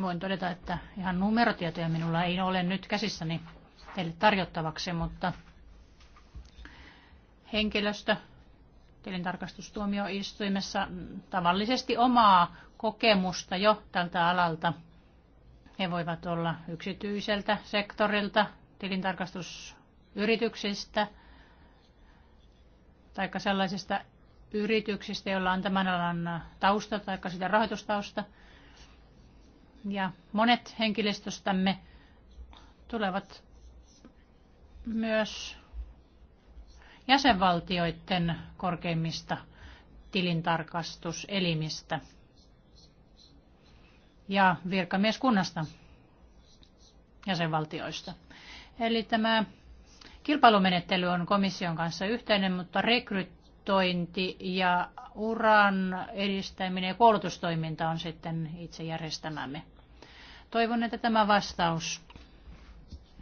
voin todeta, että ihan numerotietoja minulla ei ole nyt käsissäni teille tarjottavaksi, mutta henkilöstö tilintarkastustuomioistuimessa mm, tavallisesti omaa kokemusta jo tältä alalta. He voivat olla yksityiseltä sektorilta, tilintarkastusyrityksistä tai sellaisista yrityksistä, joilla on tämän alan tausta tai sitä rahoitustausta – ja monet henkilöstöstämme tulevat myös jäsenvaltioiden korkeimmista tilintarkastuselimistä ja virkamieskunnasta jäsenvaltioista. Eli tämä kilpailumenettely on komission kanssa yhteinen, mutta rekrytointi ja uran edistäminen ja koulutustoiminta on sitten itse järjestämämme. Toivon, että tämä vastaus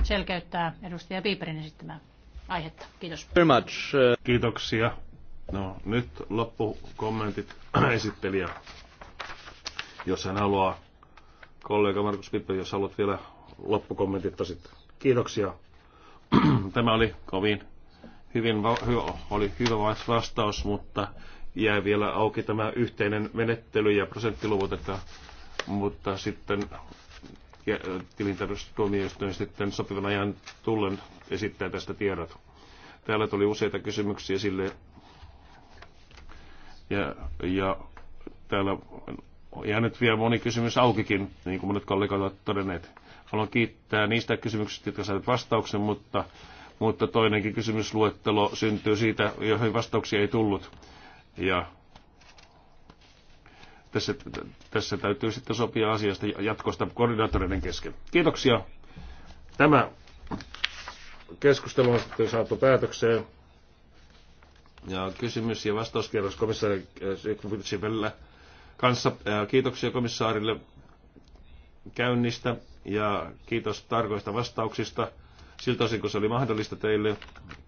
selkeyttää edustaja Piiperin esittämää aihetta. Kiitos. Very much. Kiitoksia. No, nyt loppukommentit [CLEARS THROAT] esittelijä. Jos hän haluaa, kollega Markus Piper, jos haluat vielä loppukommentit sitten. Kiitoksia. [CLEARS THROAT] Tämä oli kovin hyvin, oli hyvä vastaus, mutta jäi vielä auki tämä yhteinen menettely ja prosenttiluvut, että, mutta sitten Äh, tilintarkastustuomioistuin sitten sopivan ajan tullen esittää tästä tiedot. Täällä tuli useita kysymyksiä sille ja, ja täällä on jäänyt vielä moni kysymys aukikin, niin kuin monet kollegat ovat todenneet. Haluan kiittää niistä kysymyksistä, jotka saivat vastauksen, mutta, mutta toinenkin kysymysluettelo syntyy siitä, joihin vastauksia ei tullut. Ja tässä, tässä täytyy sitten sopia asiasta jatkosta koordinaattoreiden kesken. Kiitoksia. Tämä keskustelu on sitten saatu päätökseen. Ja kysymys- ja vastauskierros komissaari äh, Sykvitsin kanssa. Äh, kiitoksia komissaarille käynnistä ja kiitos tarkoista vastauksista siltä osin, kun se oli mahdollista teille.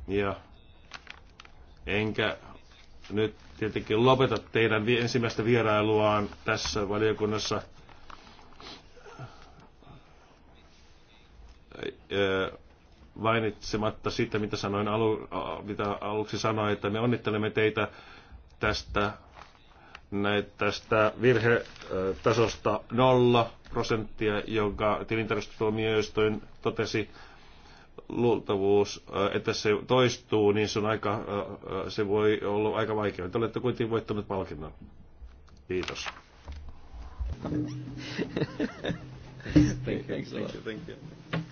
Ja enkä nyt tietenkin lopeta teidän ensimmäistä vierailuaan tässä valiokunnassa. vainitsematta sitä, mitä, sanoin alu, mitä aluksi sanoin, että me onnittelemme teitä tästä, näitä, tästä virhetasosta nolla prosenttia, jonka tilintarkastustuomioistuin totesi luultavuus, äh, että se toistuu, niin se, on aika, äh, äh, se voi olla aika vaikeaa. Te olette kuitenkin voittanut palkinnon. Kiitos. thank you, thank you, thank you.